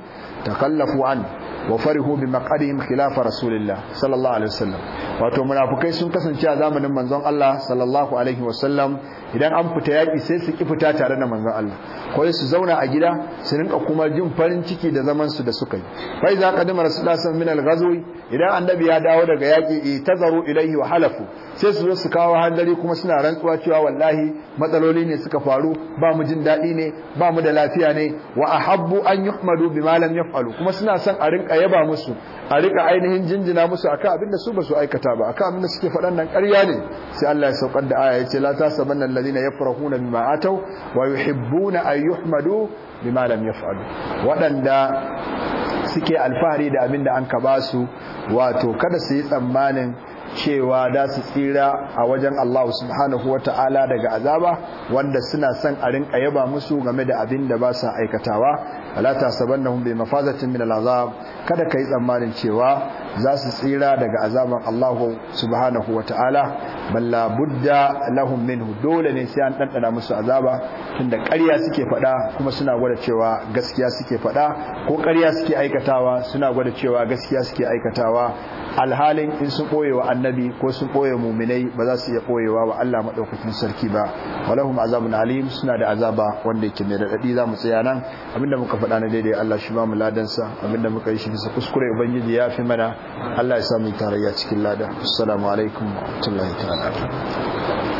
takallafu an wa farihu bi maqadihim khilafa Rasulillah sallallahu alaihi wasallam wato munafukai sun kasance a zamanin manzon Allah sallallahu alaihi wasallam idan an fita yaki sai su ki fita tare da manzon Allah ko su zauna a gida su rinka kuma jin farin ciki da zaman su da suka yi fa iza qadama rasulullahi sallallahu alaihi idan annabi ya dawo daga yaki tazaru ilaihi wa halafu sai su zo su kawo handari kuma suna rantsuwa cewa wallahi matsaloli ne suka faru ba mu jin daɗi ne ba mu da lafiya ne wa ahabbu an yuhmadu bima lam yaf'alu kuma suna son a rinka yaba musu a rinka ainihin jinjina musu akan abin da su ba su aikata aikata ba akan abin da suke faɗan nan ƙarya ne sai Allah ya saukar da aya yace la tasabanna alladhina yafrahuna bima ataw wa yuhibbuna an yuhmadu bima lam yaf'alu waɗanda suke alfahari da abin da an ka basu wato kada su yi tsammanin cewa da su tsira a wajen Allah subhanahu wa ta'ala daga azaba wanda suna son a rinka yaba musu game da abin da ba sa aikatawa ala tasabannahum bi mafazatin min al'azab kada kai tsammanin cewa za su tsira daga azaban Allah subhanahu wataala balla budda lahum minhu dole ne sai an dandana musu azaba tunda ƙarya suke faɗa kuma suna gwada cewa gaskiya suke faɗa ko ƙarya suke aikatawa suna gwada cewa gaskiya suke aikatawa alhalin in sun ɓoye wa annabi ko sun boye muminai ba za su iya ɓoyewa wa Allah madaukakin sarki ba walahum azabun alim suna da azaba wanda yake mai raɗaɗi za mu tsaya nan abinda muka faɗa na daidai Allah shi ba mu ladansa abinda muka yi shi bisa kuskure ubangiji ya fi mana Allah ya samu tarayya cikin lada assalamu alaikum wa rahmatullahi ta'ala